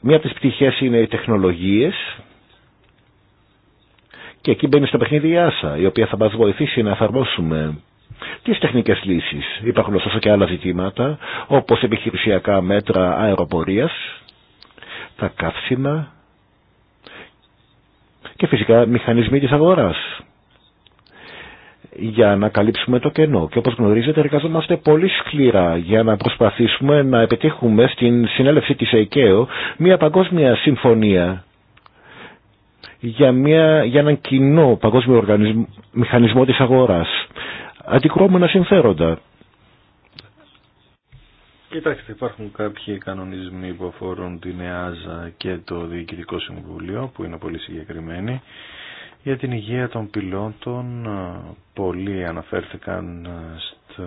Speaker 1: μία από τις πτυχές είναι οι τεχνολογίες, και εκεί μπαίνει στο παιχνίδι η Άσα, η οποία θα μας βοηθήσει να εφαρμόσουμε Τις τεχνικές λύσεις. Υπάρχουν ωστόσο και άλλα ζητήματα, όπως επιχειρησιακά μέτρα αεροπορίας, τα καύσιμα και φυσικά μηχανισμοί της αγοράς για να καλύψουμε το κενό. Και όπως γνωρίζετε εργαζόμαστε πολύ σκληρά για να προσπαθήσουμε να επιτύχουμε στην συνέλευση της ΕΚΕΟ μια παγκόσμια συμφωνία για, μια, για έναν κοινό παγκόσμιο μηχανισμό της αγοράς αντικρώμενα συμφέροντα.
Speaker 2: Κοιτάξτε, υπάρχουν κάποιοι κανονισμοί που αφορούν την ΕΑΖΑ και το Διοικητικό Συμβούλιο, που είναι πολύ συγκεκριμένοι. Για την υγεία των πιλότων, πολλοί αναφέρθηκαν στην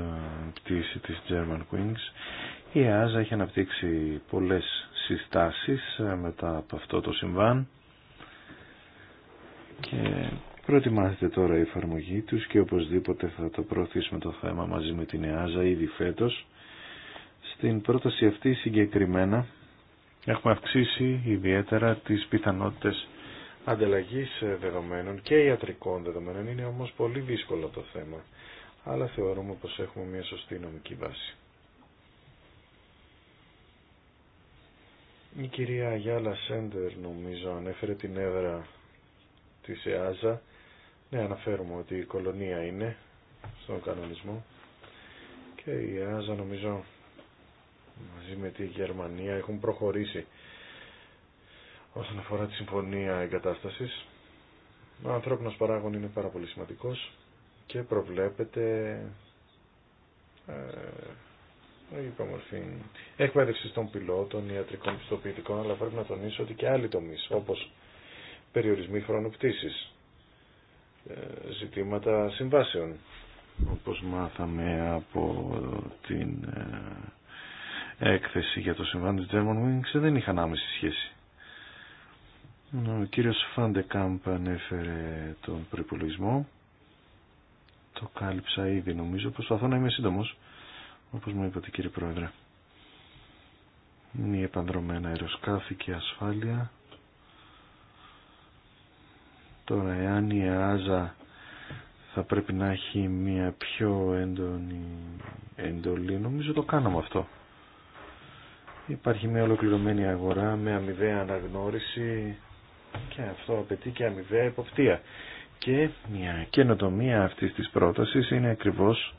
Speaker 2: πτήση της German Wings. Η ΕΑΖΑ έχει αναπτύξει πολλές συστάσεις μετά από αυτό το συμβάν και Προετοιμάζεται τώρα η εφαρμογή τους και οπωσδήποτε θα το προωθήσουμε το θέμα μαζί με την ΕΑΖΑ ήδη φέτος. Στην πρόταση αυτή συγκεκριμένα έχουμε αυξήσει ιδιαίτερα τις πιθανότητες ανταλλαγής δεδομένων και ιατρικών δεδομένων. Είναι όμως πολύ δύσκολο το θέμα, αλλά θεωρούμε πως έχουμε μια σωστή νομική βάση. Η κυρία Γιάλα Σέντερ νομίζω ανέφερε την έδρα της ΕΑΖΑ ναι, αναφέρουμε ότι η κολονία είναι στον κανονισμό και η ΑΖΑ νομίζω μαζί με τη Γερμανία έχουν προχωρήσει όσον αφορά τη συμφωνία εγκατάστασης. Ο ανθρώπινος παράγων είναι πάρα πολύ σημαντικός και προβλέπεται ε, η υπομορφή εκπαίδευση των πιλότων, ιατρικών πιστοποιητικών, αλλά πρέπει να τονίσω ότι και άλλοι τομείς, όπως περιορισμοί χρόνου ζητήματα συμβάσεων. Όπως μάθαμε από την ε, έκθεση για το συμβάν της German Wings δεν είχαν άμεση σχέση. Ο κύριος Φάντεκάμπ ανέφερε τον προπολογισμό. Το κάλυψα ήδη νομίζω. Προσπαθώ να είμαι σύντομος, όπως μου είπατε κύριε Πρόεδρε. Μη επανδρομένα αεροσκάφη και ασφάλεια Τώρα, εάν η ΑΖΑ θα πρέπει να έχει μια πιο έντονη εντολή, νομίζω το κάναμε αυτό. Υπάρχει μια ολοκληρωμένη αγορά με αμοιβαία αναγνώριση και αυτό απαιτεί και αμοιβαία υποπτία. Και μια καινοτομία αυτής της πρότασης είναι ακριβώς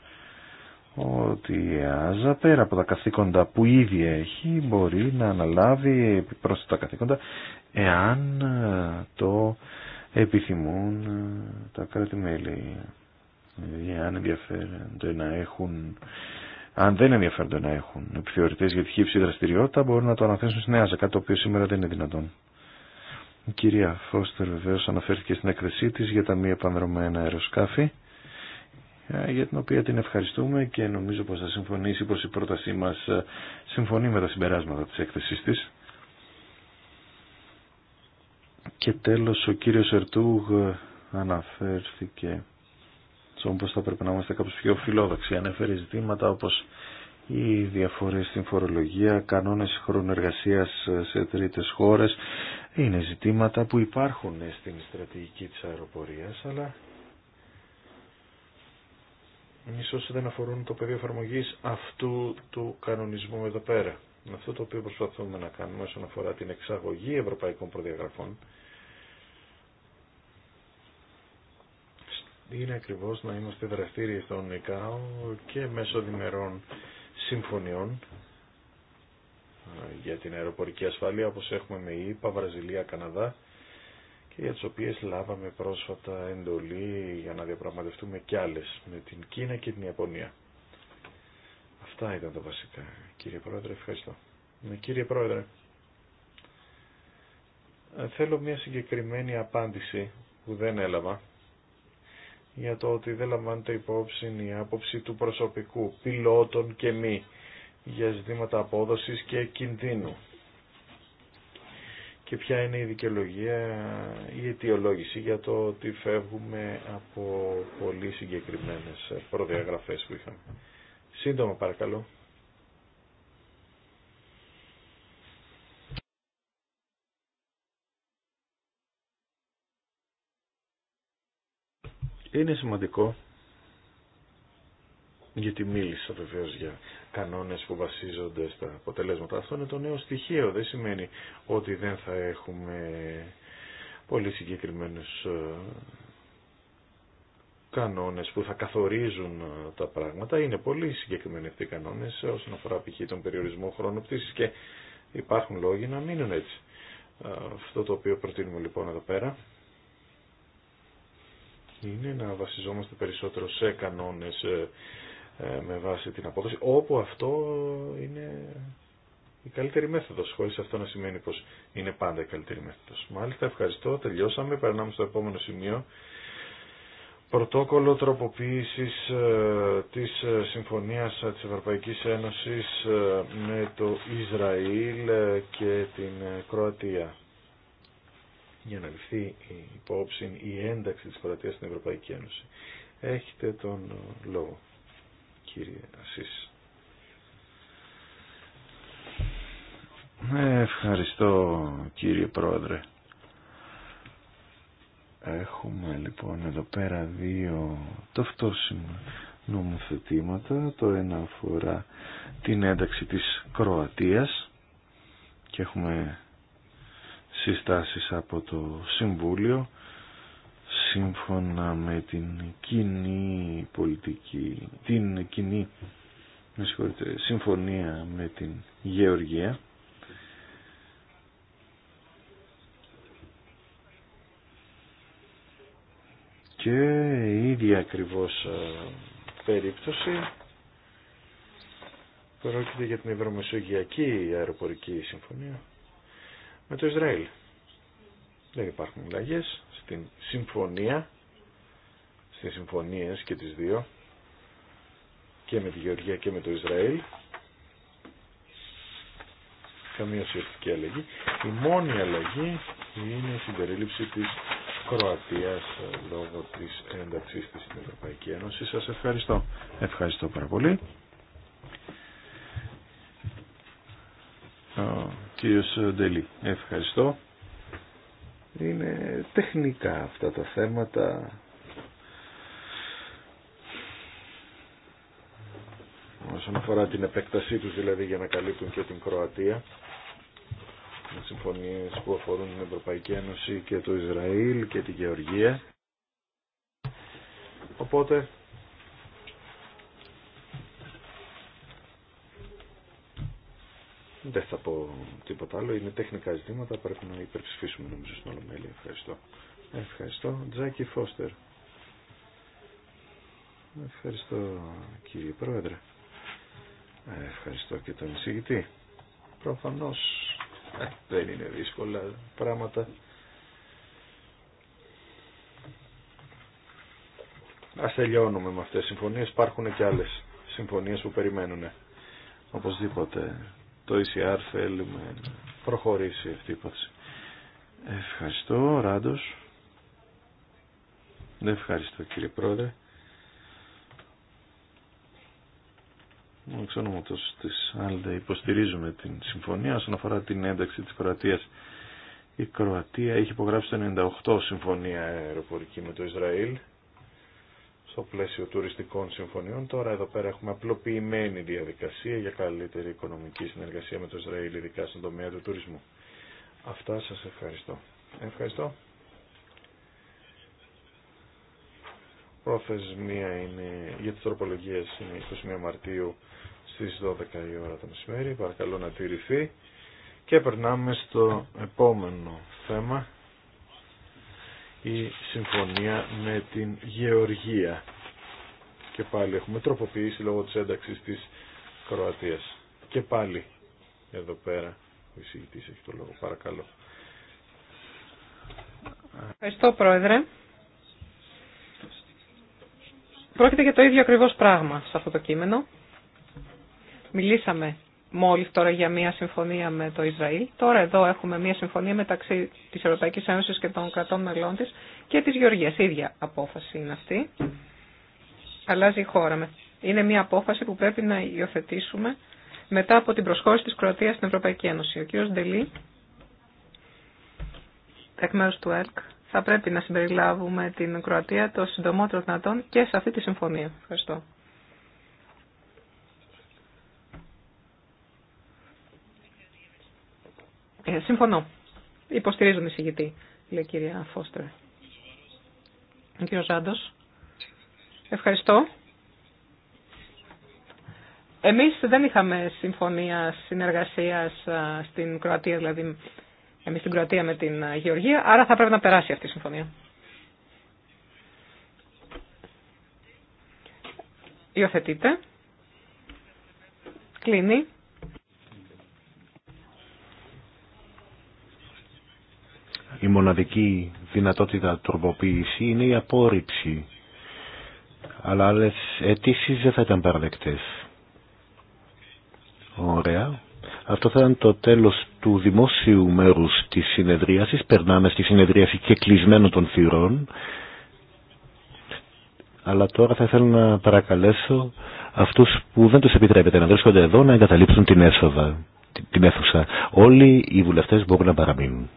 Speaker 2: ότι η ΑΖΑ πέρα από τα καθήκοντα που ήδη έχει μπορεί να αναλάβει τα καθήκοντα εάν το επιθυμούν ε, τα κράτη-μέλη. Ε, αν ενδιαφέρονται να έχουν, αν δεν ενδιαφέρονται να έχουν επιθεωρητές για τη χύψη δραστηριότητα, μπορούν να το αναθέσουν στην ΕΑΖΑ, κάτι το οποίο σήμερα δεν είναι δυνατόν. Η κυρία Φώστερ βεβαίως αναφέρθηκε στην έκθεσή της για τα μη επανδρομένα αεροσκάφη, ε, για την οποία την ευχαριστούμε και νομίζω πως θα συμφωνήσει πως η πρότασή μας συμφωνεί με τα συμπεράσματα της έκθεσής της. Και τέλος ο κύριος Ερτούγ ε, αναφέρθηκε στον πως θα πρέπει να είμαστε κάπως πιο φιλόδοξοι. Ανέφερε ζητήματα όπως οι διαφορές στην φορολογία, κανόνες χρονοεργασίας ε, σε τρίτες χώρες. Είναι ζητήματα που υπάρχουν ε, στην στρατηγική της αεροπορίας, αλλά ίσως δεν αφορούν το πεδίο εφαρμογή αυτού του κανονισμού εδώ πέρα. Αυτό το οποίο προσπαθούμε να κάνουμε όσον αφορά την εξαγωγή ευρωπαϊκών προδιαγραφών είναι ακριβώς να είμαστε δραστήριοι στον ΙΚΑΟ και μέσω διμερών συμφωνιών ε, για την αεροπορική ασφάλεια όπως έχουμε με ΙΠΑ, Βραζιλία, Καναδά και για τις οποίες λάβαμε πρόσφατα εντολή για να διαπραγματευτούμε κι άλλες με την Κίνα και την Ιαπωνία. Αυτά ήταν τα βασικά. Κύριε Πρόεδρε, ευχαριστώ. Ναι, κύριε Πρόεδρε, θέλω μια συγκεκριμένη απάντηση που δεν έλαβα για το ότι δεν λαμβάνεται υπόψη η άποψη του προσωπικού, πιλότων και μη, για ζητήματα απόδοσης και κινδύνου. Και ποια είναι η δικαιολογία, η αιτιολόγηση για το ότι φεύγουμε από πολύ συγκεκριμένες προδιαγραφές που είχαμε. Σύντομα παρακαλώ. Είναι σημαντικό γιατί μίλησα βεβαίω για κανόνες που βασίζονται στα αποτελέσματα. Αυτό είναι το νέο στοιχείο. Δεν σημαίνει ότι δεν θα έχουμε πολύ συγκεκριμένους ε, κανόνες που θα καθορίζουν ε, τα πράγματα. Είναι πολύ συγκεκριμένοι αυτοί οι κανόνες όσον αφορά π.χ. τον περιορισμό χρόνου πτήσης και υπάρχουν λόγοι να μείνουν έτσι. Ε, αυτό το οποίο προτείνουμε λοιπόν εδώ πέρα είναι να βασιζόμαστε περισσότερο σε κανόνες ε, με βάση την απόδοση, όπου αυτό είναι η καλύτερη μέθοδος, χωρίς αυτό να σημαίνει πως είναι πάντα η καλύτερη μέθοδος. Μάλιστα, ευχαριστώ, τελειώσαμε, περνάμε στο επόμενο σημείο πρωτόκολλο τροποποίησης ε, της ε, Συμφωνίας ε, της Ευρωπαϊκής Ένωσης με το Ισραήλ και την Κροατία για να ληφθεί υπόψη η ένταξη της Κροατίας στην Ευρωπαϊκή Ένωση. Έχετε τον λόγο, κύριε Ε, Ευχαριστώ, κύριε Πρόεδρε. Έχουμε λοιπόν εδώ πέρα δύο ταυτόσιμα νομοθετήματα. Το ένα αφορά την ένταξη της Κροατίας και έχουμε συστάσεις από το Συμβούλιο σύμφωνα με την κοινή πολιτική, την κοινή συμφωνία με την Γεωργία και η ίδια ακριβώς ε, περίπτωση πρόκειται για την Ευρωμεσογειακή Αεροπορική Συμφωνία με το Ισραήλ. Δεν υπάρχουν λάγες στην συμφωνία, στις συμφωνίες και τις δύο, και με τη Γεωργία και με το Ισραήλ. Καμία ουσιαστική αλλαγή. Η μόνη αλλαγή είναι η συμπερίληψη της Κροατίας λόγω της ένταξής της στην Ευρωπαϊκή Ένωση. Σας ευχαριστώ. Ευχαριστώ πάρα πολύ. Ο κύριος Ντελή, ευχαριστώ. Είναι τεχνικά αυτά τα θέματα. Όσον αφορά την επέκτασή τους δηλαδή για να καλύπτουν και την Κροατία συμφωνίες που αφορούν την Ευρωπαϊκή Ένωση και το Ισραήλ και τη Γεωργία. Οπότε δεν θα πω τίποτα άλλο. Είναι τεχνικά ζητήματα. Πρέπει να υπερψηφίσουμε νομίζω στην Ολομέλη. Ευχαριστώ. Ευχαριστώ. Τζάκι Φώστερ. Ευχαριστώ κύριε Πρόεδρε. Ευχαριστώ και τον εισηγητή. Προφανώς δεν είναι δύσκολα πράγματα. Ας τελειώνουμε με αυτές τις συμφωνίες. Υπάρχουν και άλλες συμφωνίες που περιμένουν. Οπωσδήποτε το ECR θέλουμε να προχωρήσει αυτή η υπόθεση. Ευχαριστώ, Ράντος. Ευχαριστώ κύριε Πρόεδρε. εξ ονόματος της Άλντε υποστηρίζουμε την συμφωνία όσον αφορά την ένταξη της Κροατίας. Η Κροατία έχει υπογράψει το 98 συμφωνία αεροπορική με το Ισραήλ στο πλαίσιο τουριστικών συμφωνιών. Τώρα εδώ πέρα έχουμε απλοποιημένη διαδικασία για καλύτερη οικονομική συνεργασία με το Ισραήλ, ειδικά στον τομέα του τουρισμού. Αυτά σας ευχαριστώ. Ευχαριστώ. Προθεσμία είναι, για τις τροπολογίες είναι 21 Μαρτίου στις 12 η ώρα το μεσημέρι. Παρακαλώ να τηρηθεί. Και περνάμε στο επόμενο θέμα. Η συμφωνία με την Γεωργία. Και πάλι έχουμε τροποποιήσει λόγω της ένταξης της Κροατίας. Και πάλι εδώ πέρα ο εισηγητής έχει το λόγο. Παρακαλώ.
Speaker 3: Ευχαριστώ Πρόεδρε. Πρόκειται για το ίδιο ακριβώς πράγμα σε αυτό το κείμενο. Μιλήσαμε μόλις τώρα για μια συμφωνία με το Ισραήλ. Τώρα εδώ έχουμε μια συμφωνία μεταξύ της Ευρωπαϊκής Ένωσης και των κρατών μελών της και της Γεωργίας. Ίδια απόφαση είναι αυτή. Αλλάζει η χώρα. Είναι μια απόφαση που πρέπει να υιοθετήσουμε μετά από την προσχώρηση της Κροατίας στην Ευρωπαϊκή Ένωση. Ο κ. Ντελή, εκ μέρους του ΕΡΚ, θα πρέπει να συμπεριλάβουμε την Κροατία το συντομότερο δυνατόν και σε αυτή τη συμφωνία. Ευχαριστώ. Ε, συμφωνώ. Υποστηρίζουν οι συγητή, λέει η κυρία Φώστερ. Ο κύριος Ευχαριστώ. Εμείς δεν είχαμε συμφωνία συνεργασίας στην Κροατία, δηλαδή εμείς στην Κροατία με την ε, Γεωργία, άρα θα πρέπει να περάσει αυτή η συμφωνία. Υιοθετείτε. Κλείνει.
Speaker 1: Η μοναδική δυνατότητα τροποποίηση είναι η απόρριψη. Αλλά άλλε αιτήσει δεν θα ήταν παραδεκτέ. Ωραία. Αυτό θα ήταν το τέλος του δημόσιου μέρους της συνεδρίασης. Περνάμε στη συνεδρίαση και κλεισμένο των θυρών. Αλλά τώρα θα ήθελα να παρακαλέσω αυτούς που δεν τους επιτρέπεται να βρίσκονται εδώ να εγκαταλείψουν την έσοδα, την αίθουσα. Όλοι οι βουλευτές μπορούν να παραμείνουν.